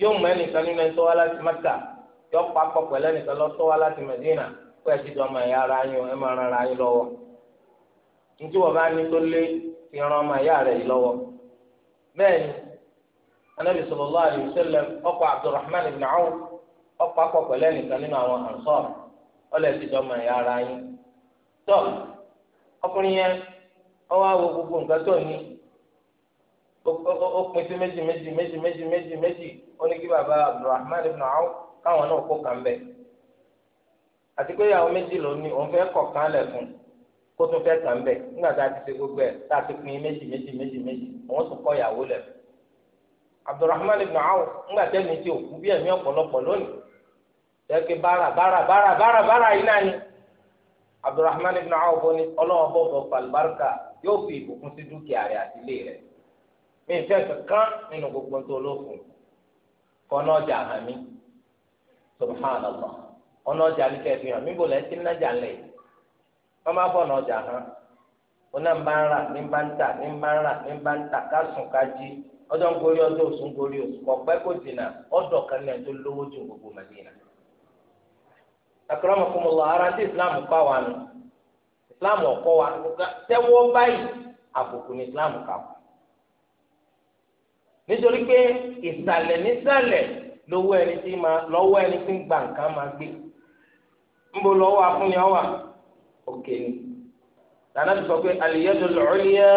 Speaker 1: yóò mọ ẹnìkan nínú ẹni tó wá láti Makka yóò pa pọ̀ pẹ̀lú ẹnìkan lọ ntí wọn bá ní tó lé ti ran ọmọ ìyá rẹ yìí lọ́wọ́ bẹ́ẹ̀ ni anabi sallallahu alayhi wa ọkọ abdulrahman ibn awf ọkọ akọkọ lẹnìkan nínú àwọn ansar ọlẹsì dọmọ ìyá ara yín tọ ọkùnrin yẹn ọwọ awo gbogbo nǹkan tó ní ó pín sí méjì méjì méjì méjì méjì méjì ó ní kí baba abdulrahman ibn awf káwọn náà kó kàn bẹ àti pé ìyàwó méjì ní òun kọ kó tún fẹ́ kàn bẹ̀ nígbà tá a ti ṣe gbogbo ẹ̀ tá a ti pín méjì méjì méjì méjì àwọn tún kọ́ ìyàwó lẹ̀. Abdulrahman ibn Awf nígbà tẹ́mi ti òkú bí ẹ̀mí ọ̀pọ̀lọpọ̀ lónìí tẹ́kẹ́ bára bára bára bára bára yìí náà ni Abdulrahman ibn bọ́ ni ọlọ́wọ́ bọ́ bọ́ palibarika yóò fi ìbùkún sí dúkìá rẹ̀ àti ilé rẹ̀ mi ìfẹ́ kankan nínú gbogbo wọ́n máa na n'ọjà hàn wọn náà ń bá ń rà ní bá ń tà ní bá ń rà ní bá ń tà ká sùn ká jí ọjọ́ ń gorí ọjọ́ òsùn gorí òsùn kò dìnnà ọ̀dọ̀ kan náà tó lówó ju gbogbo màdínà. àkàràmọ̀ fún mi lọ ara tí islam pa wa nù islam ọ̀kọ́ wa tẹ́wọ́ báyìí àbùkù ní islam kà nítorí pé ìsàlẹ̀ nísàlẹ̀ lọ́wọ́ òkè ni nana ti sọ pé aliyadu lọ́ọ̀lìyà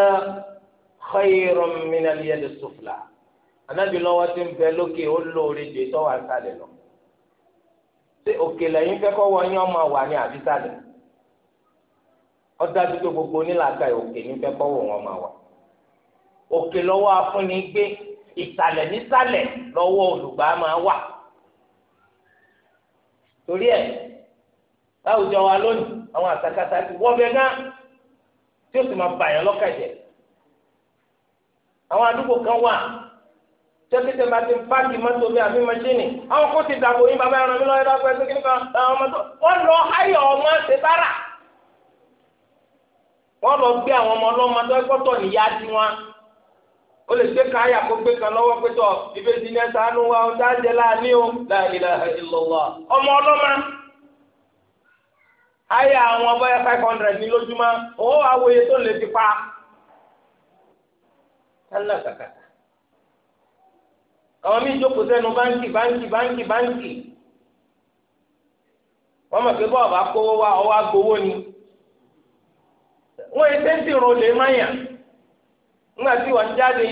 Speaker 1: xeyirun min aliyadu sufla anabi lọ́wọ́ ti ń bẹ lókè ó lóore dè tọ́wọ́ àtàlẹ̀ lọ ṣé òkè lẹ́yìn fẹ́ kọ́ wọ́n yán máa wà ní àbísàlẹ̀ ọdájú pé gbogbo onílàákà òkè ní fẹ́ kọ́ wọ́n máa òkè lọ́wọ́ afúnni gbé ìsàlẹ̀ nísàlẹ̀ lọ́wọ́ olùgbà máa wà torí ẹ̀. láwùjọ wa lónìí àwọn àtàkàtà ti wọ́bẹ̀ gán tí o sì máa bàyàn lọ́kàjẹ́ àwọn àdúgbò kan wà tẹ́tẹ́tẹ́ bá ti páàkì mọ́tò bí àbí mọ́ṣínì àwọn kò ti dàgbò yín bàbá ẹran mi lọ́yẹ́ dákọ̀ ẹsẹ̀ kí nìkan àwọn mọ́tò wọ́n lọ háyọ̀ ọmọ ṣe bára wọ́n lọ gbé àwọn ọmọ ọlọ́mọ tó ẹgbọ́tọ̀ lè ayé àwọn bóyá five hundred ní lójúmọ́ òun wà tó lè ti pa tálà kàkàtà àwọn míín jókòó sẹ́nu báńkì báńkì báńkì báńkì wọ́n mọ̀ pé bọ́ọ̀ bá kówó wá ọwọ́ agbowó ni wọ́n yẹ sẹ́ńtì rò lè ńgbà tí wọ́n jáde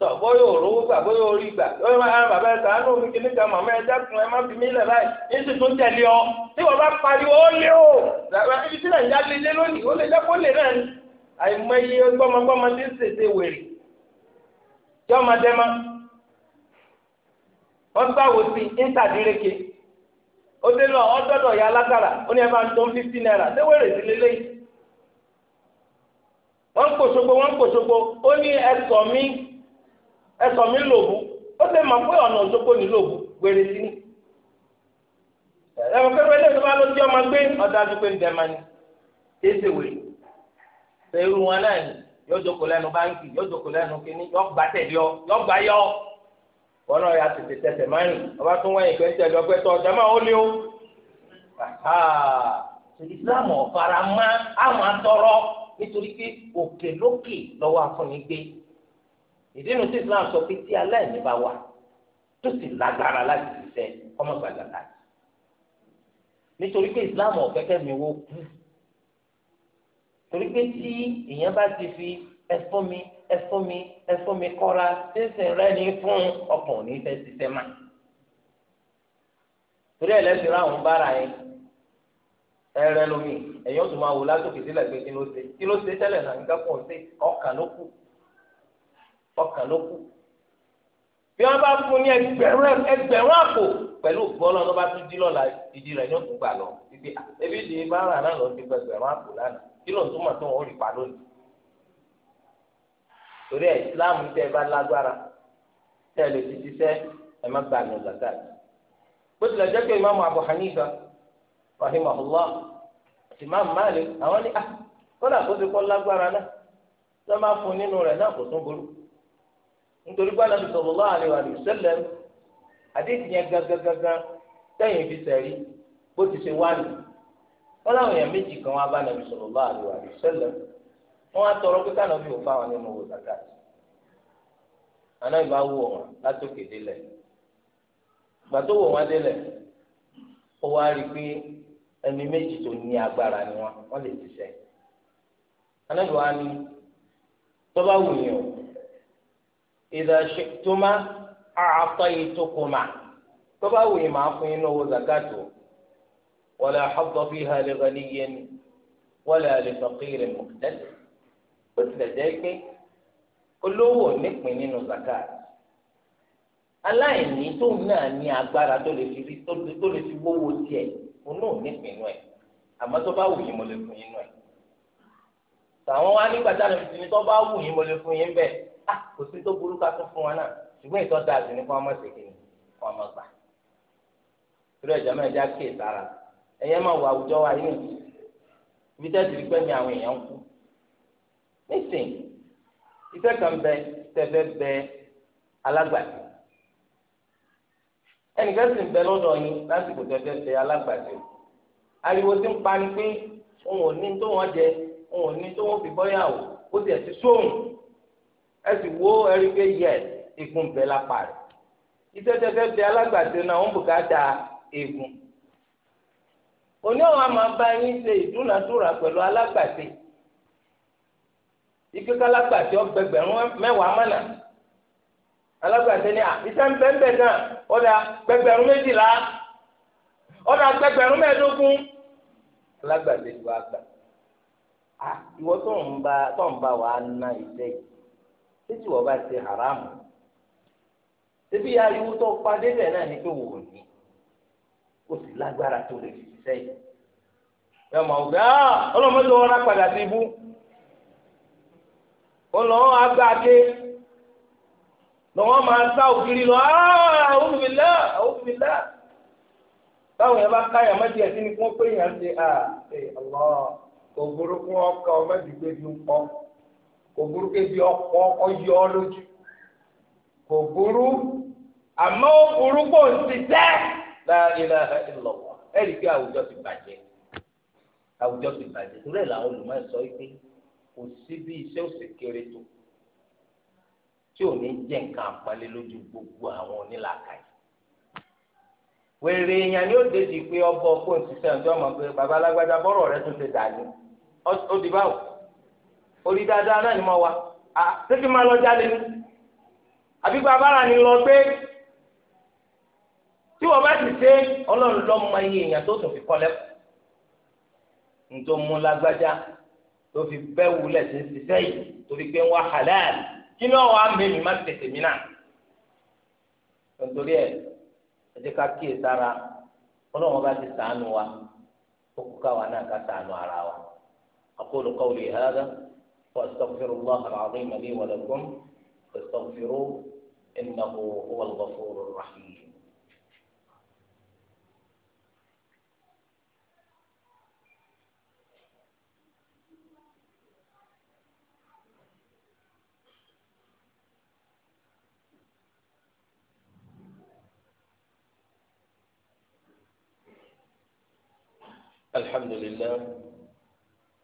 Speaker 1: tọ bóyá òrówó gbà bóyá orí gbà lórí máa bàbá ẹ sàánú mi kìíní kan màmá ẹ dákun ẹ má fi mí lẹ̀ báyìí ní sì tún ọ tí wọn bá pariwo ó lé o ibi tí nàìjíríà lè lé lónìí ó lè jẹ́ kó lè náà ni àìmọye gbọ́mọgbọ́mọ ti ń ṣèṣe wèrè tí ọmọ dẹ ma wọn sáwò sí íńtàdínlẹ́kẹ ó dé lọ ọdọdọ ya alágbára ó ní ẹ bá ń tó fífí náírà ṣé wèrè sí lélẹ́yìí wọn kò ṣogbo wọn kò ṣogbo ó ní ẹ ẹsọ mi lòbù ó ṣe mọ̀ pé ọ̀nà òṣogbo ni lòbù gbèrè sí ni. ẹ̀rọ pẹ́pẹ́ lè bá ló jẹ́ ọmọ gbé ọ̀dájú pé ń dẹ̀ máa ní wèé ṣe wọn náà yóò jókòó lẹ́nu báńkì yóò lẹ́nu ọ yóò gbà yọ wọn náà yà tètè tẹsẹ̀ ọba tún pé ń tẹ̀lé ọgbẹ́ ọjà máa ó lé o. ọ̀fara máa àwọn nítorí ìdí inú sí islam sọ pé tí aláìní bá wà tó sì lágbára láti ṣiṣẹ́ kọ́mọ̀gbàgbà láti nítorí pé islam ọ̀kẹ́kẹ́ mi wó kú torí pé tí èèyàn bá ti fi ẹfún mi ẹfún mi ẹfún mi kọ́ra sínsìn rẹ ní fún ọkàn ní fẹ́ ṣiṣẹ́ mà torí ẹ̀ lẹ́sìn ráhùn bára yẹn ẹrẹ lomi ẹ̀yọ́ tó máa wò látòkè sílẹ̀ pé kí ló ṣe kí ló ṣe tẹ́lẹ̀ náà nígbà pọ̀ ṣe ọkàn ló kù ọkàn ló kù bí wọn bá fún ní ẹgbẹ̀rún ẹgbẹ̀rún àpò pẹ̀lú gbọlọ tó bá tún jí lọ́la ìdí rẹ̀ yóò tún gbà lọ ibi ebi ìdí bá rà náà lọ sí ẹgbẹ̀rún àpò lánàá kí ló ń túmọ̀ tó wọn ò rí pa lónìí torí ẹ ìsìláàmù tẹ ẹ bá lágbára tẹ ẹ lè ti ṣiṣẹ́ ẹ má gbà ní ọ̀gàgà bó tilẹ̀ jẹ́ pé ìmáàmù Abu Hanifa rahimahullah àti ìmáàmù Malik àwọn ní ah kọ́lá kó ti kọ́ lágbára náà tí wọ́n bá fún nínú rẹ̀ náà kò tún burú nítorí pé Ànábì sallallahu alaihi wa sallam àdéhùn yẹn gangan sẹ́yìn fi sẹ̀rí bó ti ṣe wá nìyí wọn làwọn èèyàn méjì kan wá bá nàbì sallallahu alaihi wasallam wọn á tọrọ pé kànáàbì ò fáwọn nínú owó zakat ànábì bá wò wọn látòkè délẹ̀ ìgbà tó wò wọn délẹ̀ ó wá rí i pé ẹni méjì tó ní agbára ni wọn wọn lè ti sẹ ànábì wá ní tó bá idha shi'tuma a'taytukuma tó bá wù yín màá fún yín lówó zakat o wala hadda fiha li ghaniyyin wala li faqirin muqtadir ó tilẹ̀ jẹ́ pé olówó nípìn nínú zakat aláìní tó náà ní agbára tó lè fi tó lè fi wówó tiẹ̀ òun nípìn nínú ẹ̀ àmọ́ tó bá wù yín mo lè fún yín nù ẹ̀ tàwọn wá nígbà tí a lè fi ní tó bá wù yín mo lè fún yín bẹ́ẹ̀. Ah, kò sí tó burú ká tún fún wọn náà ṣùgbọ́n ìtọ́ da àti nípa ọmọ ṣèké ni wọn máa gbà. irú ẹ̀jọ̀ máa já kí ìtara ẹ̀yẹ́ máa wọ àwùjọ wa yìí ibi tẹ́tì rí pẹ́ ní àwọn èèyàn ń kú. nísìnyí iṣẹ́ kan bẹ tẹ́fẹ́ bẹ alágbàtì ẹnìkan sì ń bẹ lọ́dọ̀ yín lásìkò tẹ́fẹ́ bẹ alágbàtì ariwo ti ń pa ni pé òun ò ní tó wọn jẹ òun ò ní tó wọn fi bọ́yàwó ó ti ẹ̀ ti sóhùn. ɛsi wo ɛri ke yɛ ikun bɛ la pari ise tɛtɛ alagbate na ŋun buka da egun oni ɔwa ma ba yin se idunadura pɛlu alagbate ike ka kalagbate ɔgbɛgbɛrun mɛwàá mana alagbate ni a ite nbɛnbɛ na ɔda gbɛgbɛrun méjì la ɔda gbɛgbɛrun mɛdógún alagbate ti wa gba a iwɔ tɔnba tɔnba wa na ite títí wọ́n bá ṣe haramu ṣébí ariwo tó padé bẹ̀ náà ní pé wò ó ní o sì lágbára tó lè fi sẹ́yìn ẹ mọ̀ ọ̀gá ah, ọlọ́mọdé wọn rápadà sí ibú ọlọ́wọ́ agbáde lọ́wọ́ máa sá òkiri lọ ọ̀húnmílá ọ̀húnmílá táwọn yẹn bá káyà mẹ́tì ẹ̀sìn ni kí wọ́n pè yàn ṣe à ṣe ọlọ́ kò burúkú ọkọ̀ mẹ́tì gbé ju pọ́ kò burú kébi ọkọ ọyọ lójú kò burú àmọ́ ó burú kò ń ṣiṣẹ́ láàrínlá ìlọ̀wọ̀ ẹ̀rí pé àwùjọ ti bàjẹ́ àwùjọ ti bàjẹ́ torí ẹ̀ làwọn olùmọ̀ ẹ̀ sọ pé kò sí bí iṣẹ́ òsè kéré tó tí ò ní jẹ́ nǹkan àpọ́nlé lójú gbogbo àwọn onílàkàyè wèrè èèyàn ni ó déjì pé ọbọ̀ kó ń ṣiṣẹ́ ọjọ́ mọ̀ pé babalágbádá bọ́rọ̀ rẹ tún ti dà ní ó di báwò. orí dáadáa náà ni mo wà á sẹ́kì máa lọ jáde ní àbí bàbára ni lọ gbé tí bá ti ṣe ọlọ́run lọ́ mọ iye èèyàn tó fi lágbájá tó fi sí yìí tó halal kí ni ọ̀wá mẹ́mi má tètè mí náà ẹ ká kíyè sára bá ti wa ó kú وأستغفر الله العظيم لي ولكم فاستغفروه إنه هو الغفور الرحيم الحمد لله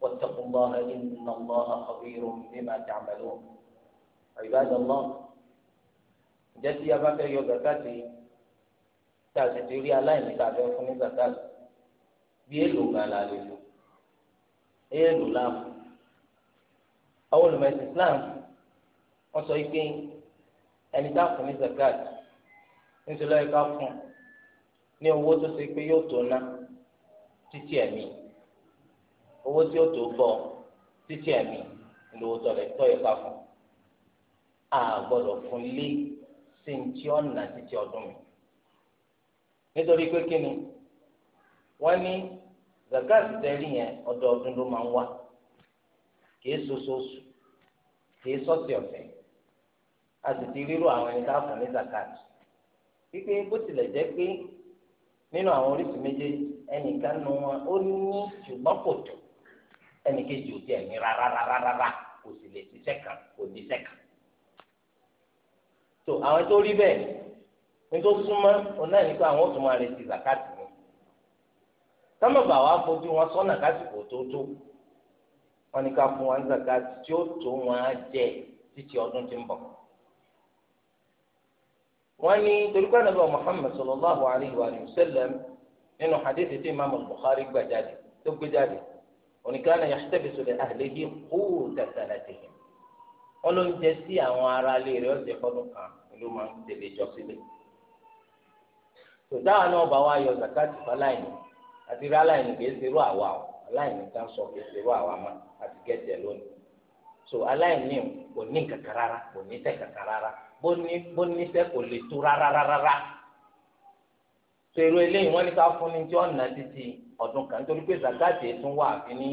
Speaker 1: واتقوا الله إن الله خبير بما تعملون عباد الله جدي أبا في زكاتي تاسيتوري الله إن تابع فمي زكاة بيلو قال عليه إيلو لام أول ما الإسلام وصيكين أن تابع فمي زكاة nítorí ẹ̀ka fún ní owó tó ṣe pé yóò tó ná títí ẹ̀mí owó tí ó tó bọ̀ títí ẹ̀mí lówó tọ̀lẹ̀ tọ́ fún a gbọdọ fún lé sí ní tí ọ̀nà títí ọdún mi nítorí pé kí ni wọ́n ní zakati tẹ́lí yẹn ọdọọdún ló máa ń wá kìí sosoosù kìí sọ́ọ̀sì ọ̀fẹ́ a sì ti rírò àwọn ẹni tá ní zakati wípé bó tilẹ̀ jẹ́ pé nínú àwọn oríṣi méjèèjì ẹnìkan ẹnì kejì ò tiẹ̀ ní rárá rárá rárá kò sì lè ṣiṣẹ́ kan kò ní ṣẹ́ kan. tó àwọn tó rí bẹ́ẹ̀ ní tó súnmọ́ ọ̀nà nípa àwọn tó máa retí zakati ni. sámọ̀bà wa fojú wọn sọ́nà kásìkò tó tó wọn ní ká fún wọn zakati tí ó tó wọn á jẹ títí ọdún tí ń bọ̀. wọ́n ní torí pé ànábì Muhammad sallallahu alayhi wa sallam nínú hadith tí imaamu Bukhari gbà jáde tó gbé jáde oníkanna yàtẹ̀bìsọ lè àhìlẹ́yìn kóò tẹ̀sẹ̀lẹ̀tẹ̀ wọn ló ń jẹ sí àwọn ará ilé rẹ ọ̀sẹ̀ fọdún kan ló máa ń tẹ̀lé jọ sílẹ̀ tòdáwà náà bá wa yọ zakati fáláìní àti rí aláìní kìí ṣerú àwa o aláìní kan sọ kìí ṣerú àwa ma àti gẹ̀ẹ́tẹ̀ lónìí so aláìní kò ní kankan rárá kò ní tẹ̀ kankan rárá bó ní bó kò lè tó rárá rárá so èrò eléyìí wọ́n ní ká fún ní tí ọ̀nà títí ọdún kan nítorí pé zakati tún wà fi ní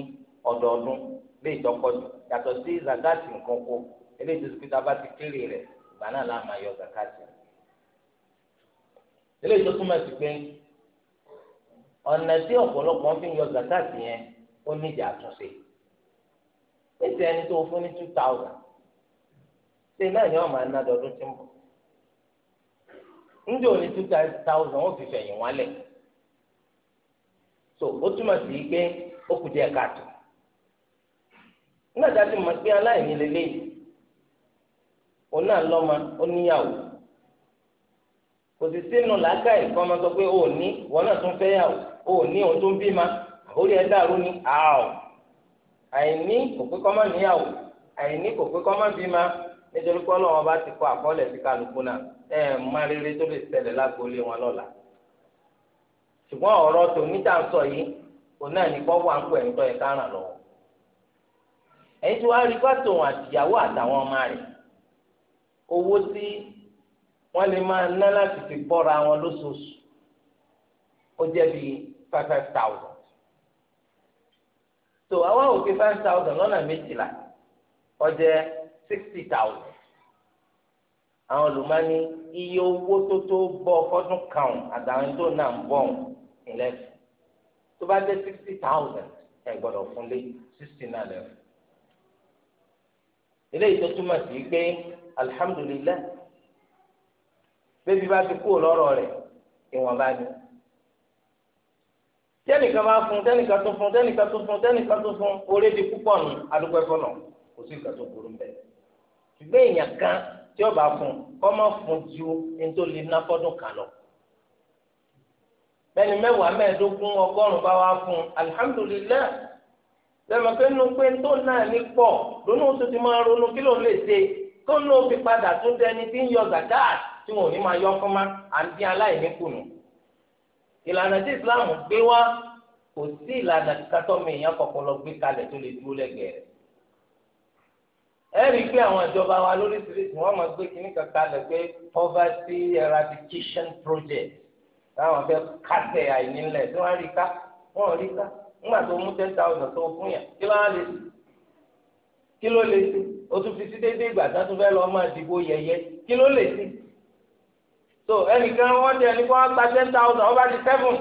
Speaker 1: ọdọọdún lé ìtọ́kọ́jú yàtọ̀ sí zakati nǹkan kó eléyìí tó ti bá ti kéré rẹ̀ ìgbà náà láàmú ayọ eléyìí tó túmọ̀ sí pé ọ̀nà tí ọ̀pọ̀lọpọ̀ fi ń yọ yẹn ó níjà àtúnṣe pèsè ẹni tó fún ní two thousand náà máa ná dọdún tí ń bọ̀ two thousand ó fi fẹ̀yìn wálẹ̀ so ó túmọ̀ sí pé ó kù díẹ̀ káàtó nígbà tá a ti mọ̀ pé aláìní lélẹ́yìí òun náà lọ́mọ ó níyàwó kò sì sínú làákàyè kọ́ ọmọ sọ pé ó ní wọn náà tún fẹ́ yàwó ó ní òun tún bímọ àkórí ẹ̀ dàrú ni àwọ̀ àìní kò pé kọ́ ọmọ níyàwó àìní kò pé kọ́ ọmọ bímọ nítorí pé ọlọ́wọ́n bá ti kọ́ àkọọ́lẹ̀ sí kálukú náà ẹ̀ tó lè ṣẹlẹ̀ lágboolé wọn lọ́la ṣùgbọ́n ọ̀rọ̀ tòmí tá à ń sọ yìí òun náà ní gbọ́wọ́ à ń pè ń tọ́ ẹ káràn lọ. ẹ̀yin tí wàá rí pàtó òun àtìyàwó àtàwọn ọmọ rẹ̀ owó tí wọ́n lè máa ná láti fi bọ́ra wọn lóṣooṣù ó jẹ́ bíi five five thousand. tó àwa ò five thousand lọ́nà méjìlá ó jẹ́ sixty thousand. àwọn olùmọ́ni iye owó tó tó bọ́ fọ́dún kan àtàwọn tó náà ń bọ̀ ẹlẹ́fù tó bá dé sixty thousand ẹ gbọ́dọ̀ fún lé sixty náà lẹ́fù. eléyìí tó túmọ̀ sí pé alihamudulilayi bébí bá ti kú lọ́rọ̀ rẹ̀ ìwọ̀n bá ní. tẹ́nìkan bá fún tẹ́nìkan tó fún tẹ́nìkan tó fún tẹ́nìkan tó fún orí di púpọ̀ nù adúgbò ẹ̀fọ́ náà kò sí ìgbà tó burú bẹ́ẹ̀. ṣùgbọ́n èèyàn kan tí ó bá fún kọ́ mọ́ fún ju nítorí lè ná fọ́dún kan lọ. bẹ́ẹ̀ni mẹ́wàá mẹ́ẹ̀ẹ́dógún ọgọ́rùn-ún bá wá fún alihamudulilayi lẹ́mọ̀ pé nínú pé tó náà ní pọ̀ lónà oṣù tí máa ronú kí ló lè ṣe tó ní o fi padà tún dẹni tí ń yọ zakat tí wọn ò ní máa yọ fún ma à ń dín aláìní kùnú. ìlànà tí Islam gbé wá kò sí ìlànà kátọ́mì èèyàn kọ̀ọ̀kan lọ gbé kalẹ̀ tó lè dúró lẹ́gẹ̀ẹ́ rẹ̀ ẹ rí i pé àwọn ìjọba wa lóríṣiríṣi wọn máa gbé kínní kan kalẹ̀ pé poverty eradication project táwọn fẹ́ kásẹ̀ àìnílẹ̀ tí wọ́n rí ká wọ́n rí ká nígbà tó mú ten thousand tó fún yàn kí ló lè sí kí ló lè sí o tún fi sí déédéé ìgbà tó fẹ́ lọ́ọ́ máa dìbò yẹyẹ kí ló lè sí so ẹnìkan wọ́n jẹ́ ẹni kó wọ́n gba ten thousand ó bá di seven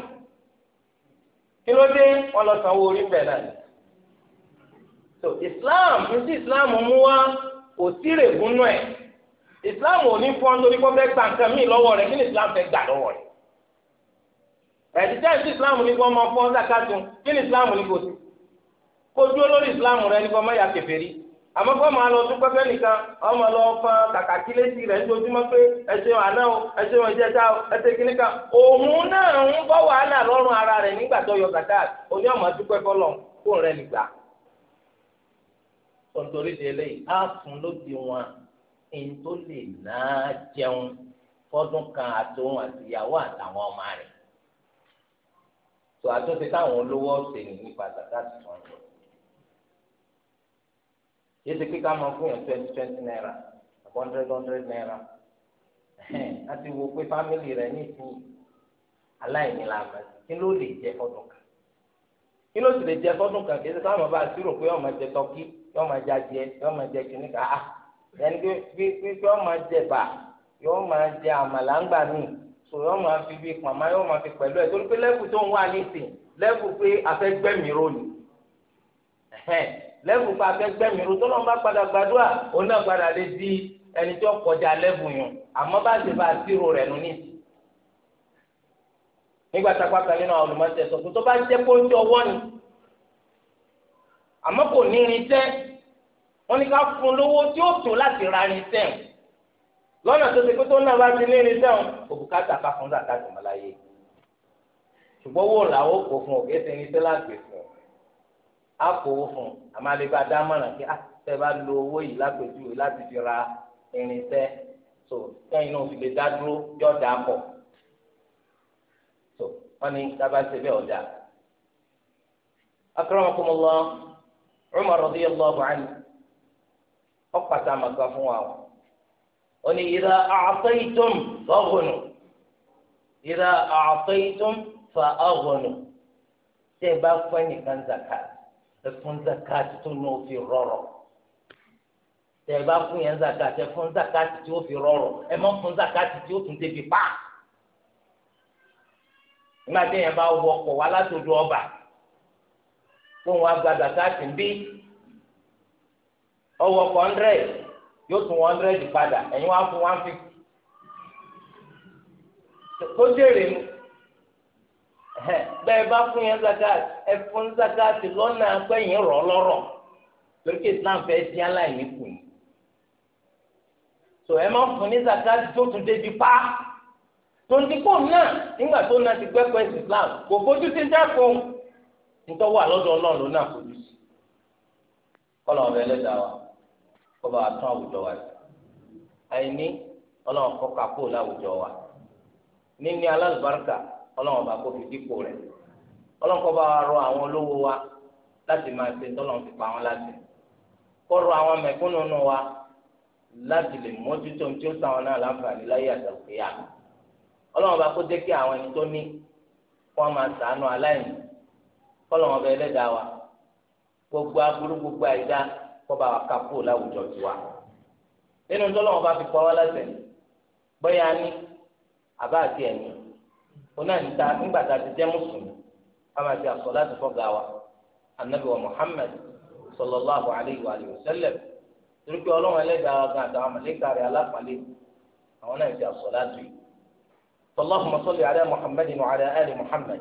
Speaker 1: kí ló dé wọ́n lọ sanwó orí bẹ́ẹ̀ náà so islam ní islam mú wá kò síre gúnnú ẹ̀ islam ò ní fọ́n torí kó fẹ́ gbà nǹkan míì lọ́wọ́ rẹ̀ kí ni islam fẹ́ gbà lọ́wọ́ rẹ̀ ẹ̀dídá ìsú islam ní kó máa fọ́n zakatun kí ni islam ní kò sí kó dúró islam rẹ̀ ní kó máa ya kèfèrí àmọ́ kó máa lọ tún pẹ́pẹ́ nìkan ọmọ lọ fọ́n kàkà kílẹ̀sì rẹ̀ níjojúmọ́ pé ẹ̀sìn àná o ẹ̀sìn ìjẹta o ẹ̀sìn kìíní kan òun náà ń bọ́ wàhálà lọ́rùn ara rẹ̀ nígbà tó yọ kàtà òní ọmọ dúpẹ́ fọlọ́ fóun rẹ̀ nígbà nítorí di eléyìí á fún lóde wọn ẹni tó lè náà jẹun fọdún kan àti òun àtàwọn ọmọ rẹ̀ tó àtúnṣe táwọn olówó ṣe ní nípa zaka tuntun lọ yéé ṣe pé ká máa fún naira hundred hundred naira láti wo pé fámìlì rẹ̀ ní ìsìn aláìní la mọ̀ kí ló lè jẹ fọdún kan kí ló sì lè jẹ fọdún kan kí yọ máa jẹ adìẹ ah, yọ máa jẹ kìnnì ká a yẹni pé bí bí yọ máa jẹ bà yọ máa jẹ àmàlàǹgbà mi sọ yọ máa fi bí pàmò yọ máa fi pẹ̀lú ẹ̀ torí pé lẹ́kù tó ń wà nísìn lẹ́kù pé afẹ́gbẹ́mì roni lẹ́kù pé afẹ́gbẹ́mì roni tó lọ́n bá padà gbàdúrà òun náà padà lè di ẹni tó kọjá lẹ́kù yàn àmọ́ bá ti bá zero rẹ̀ nù nísìn nígbà tá a pàtàkì náà olùmọ̀ọ́sẹ̀ sọ àmọ́ kò ní irinṣẹ́ wọ́n ní ká fún lówó tí ó tó láti ra irinṣẹ́ o lọ́nà tó ti pé tó náà bá ti ní irinṣẹ́ o òbúkátà ká fún zàtà tìmọ̀láyé ṣùgbọ́n owó làwọn kò fún òkè ṣe irinṣẹ́ láti fún á kówó fún àmọ́ àlebá dámọ̀ràn kí àtẹ ah, bá lo owó yìí lápèjúwe láti fi ra irinṣẹ́ tó kẹ́yìn náà fi lè dá dúró yọ̀ pọ̀ tó wọ́n ní tábà ṣe bẹ́ẹ̀ ọ̀dà. akọ́rọ́mọkùnmọ́ lọ́wọ́. Umar radiyallahu anhu ọ̀pàtà màkà Ọ wa o ó ní ìdá a'taytum faghnu ìdá a'taytum faghnu tẹ́ ẹ bá fún ẹnìkan zakat ẹ fún zakat tó ní o fi rọrọ̀ tẹ́ ẹ bá fún yẹn zakat ẹ fún zakat tí o fi fún wọn gba zakati ń bí ọwọ́ hundred yóò tún hundred padà ẹ̀yin wá fún tó jèrè mu bẹ́ẹ̀ bá fún yẹn zakati ẹ fún zakati lọ́nà Islam fẹ́ di aláìní kù ní so ẹ má fún ní zakati tó tún débi pa náà nígbà tó náà Islam kò fojú sí nítorí wà lọ́dọ̀ ọlọ́run ló náà fojú sí kọ́lọ̀ ọ̀bẹ ẹlẹ́dàá wa kó bá wa tún àwùjọ wa yìí àìní ọlọ́run kọ́ kakó láwùjọ wa níní alálùbáríkà ọlọ́run bá kó fi dípò rẹ̀ ọlọ́run kọ́ bá wa rọ àwọn olówó wa láti máa ṣe tọ́lọ́run fi pa wọn láti kọ́ rọ àwọn mẹ̀kúnnù nù wa láti lè mójútó tí ó sáwọn náà láǹfààní láyé àtàkùn yá ọlọ́run bá kó jẹ́ kí àwọn ẹni tó ní kó wọn máa ṣàánú aláìní kọlọ̀ wọn bẹ ẹlẹ́dàá wa gbogbo aburú gbogbo àìdá kọba wa ká kúrò láwùjọ tiwa nínú tọ́lọ̀ wọn bá fi pa wá lẹ́sẹ̀ bóyá ní àbá àti ẹ̀mí onáàdìta nígbà tá a ti jẹ́ mùsùlùmí a máa ti àsọ láti fọ́gà wa anabi wa muhammed sallallahu alayhi wa sallam torí pé ọlọ́run ẹlẹ́dàá wa gan àtàwọn mọ̀lẹ́kà rẹ̀ alápàlẹ́ àwọn náà ti àsọ láti yìí. اللهم صل على محمد وعلى آل محمد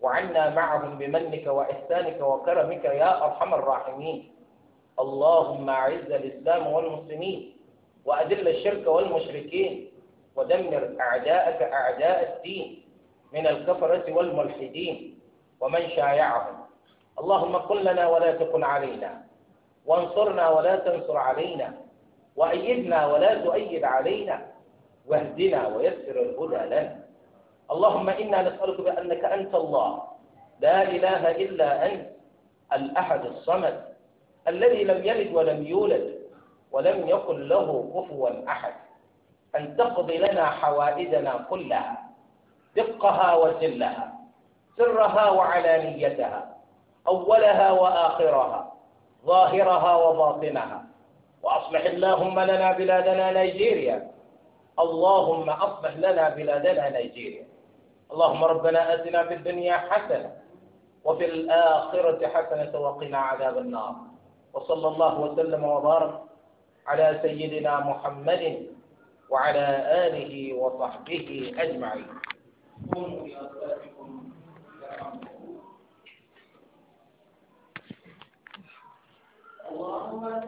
Speaker 1: وعنا معهم بمنك وإحسانك وكرمك يا أرحم الراحمين اللهم أعز الإسلام والمسلمين وأذل الشرك والمشركين ودمر أعداءك أعداء الدين من الكفرة والملحدين ومن شايعهم اللهم قل لنا ولا تكن علينا وانصرنا ولا تنصر علينا وأيدنا ولا تؤيد علينا واهدنا ويسر الهدى لنا اللهم إنا نسألك بأنك أنت الله لا إله إلا أنت الأحد الصمد الذي لم يلد ولم يولد ولم يكن له كفوا أحد أن تقضي لنا حوائجنا كلها دقها وسلها سرها وعلانيتها أولها وآخرها ظاهرها وباطنها وأصلح اللهم لنا بلادنا نيجيريا اللهم أصلح لنا بلادنا نيجيريا اللهم ربنا آتنا في الدنيا حسنة وفي الآخرة حسنة وقنا عذاب النار وصلى الله وسلم وبارك على سيدنا محمد وعلى آله وصحبه أجمعين اللهم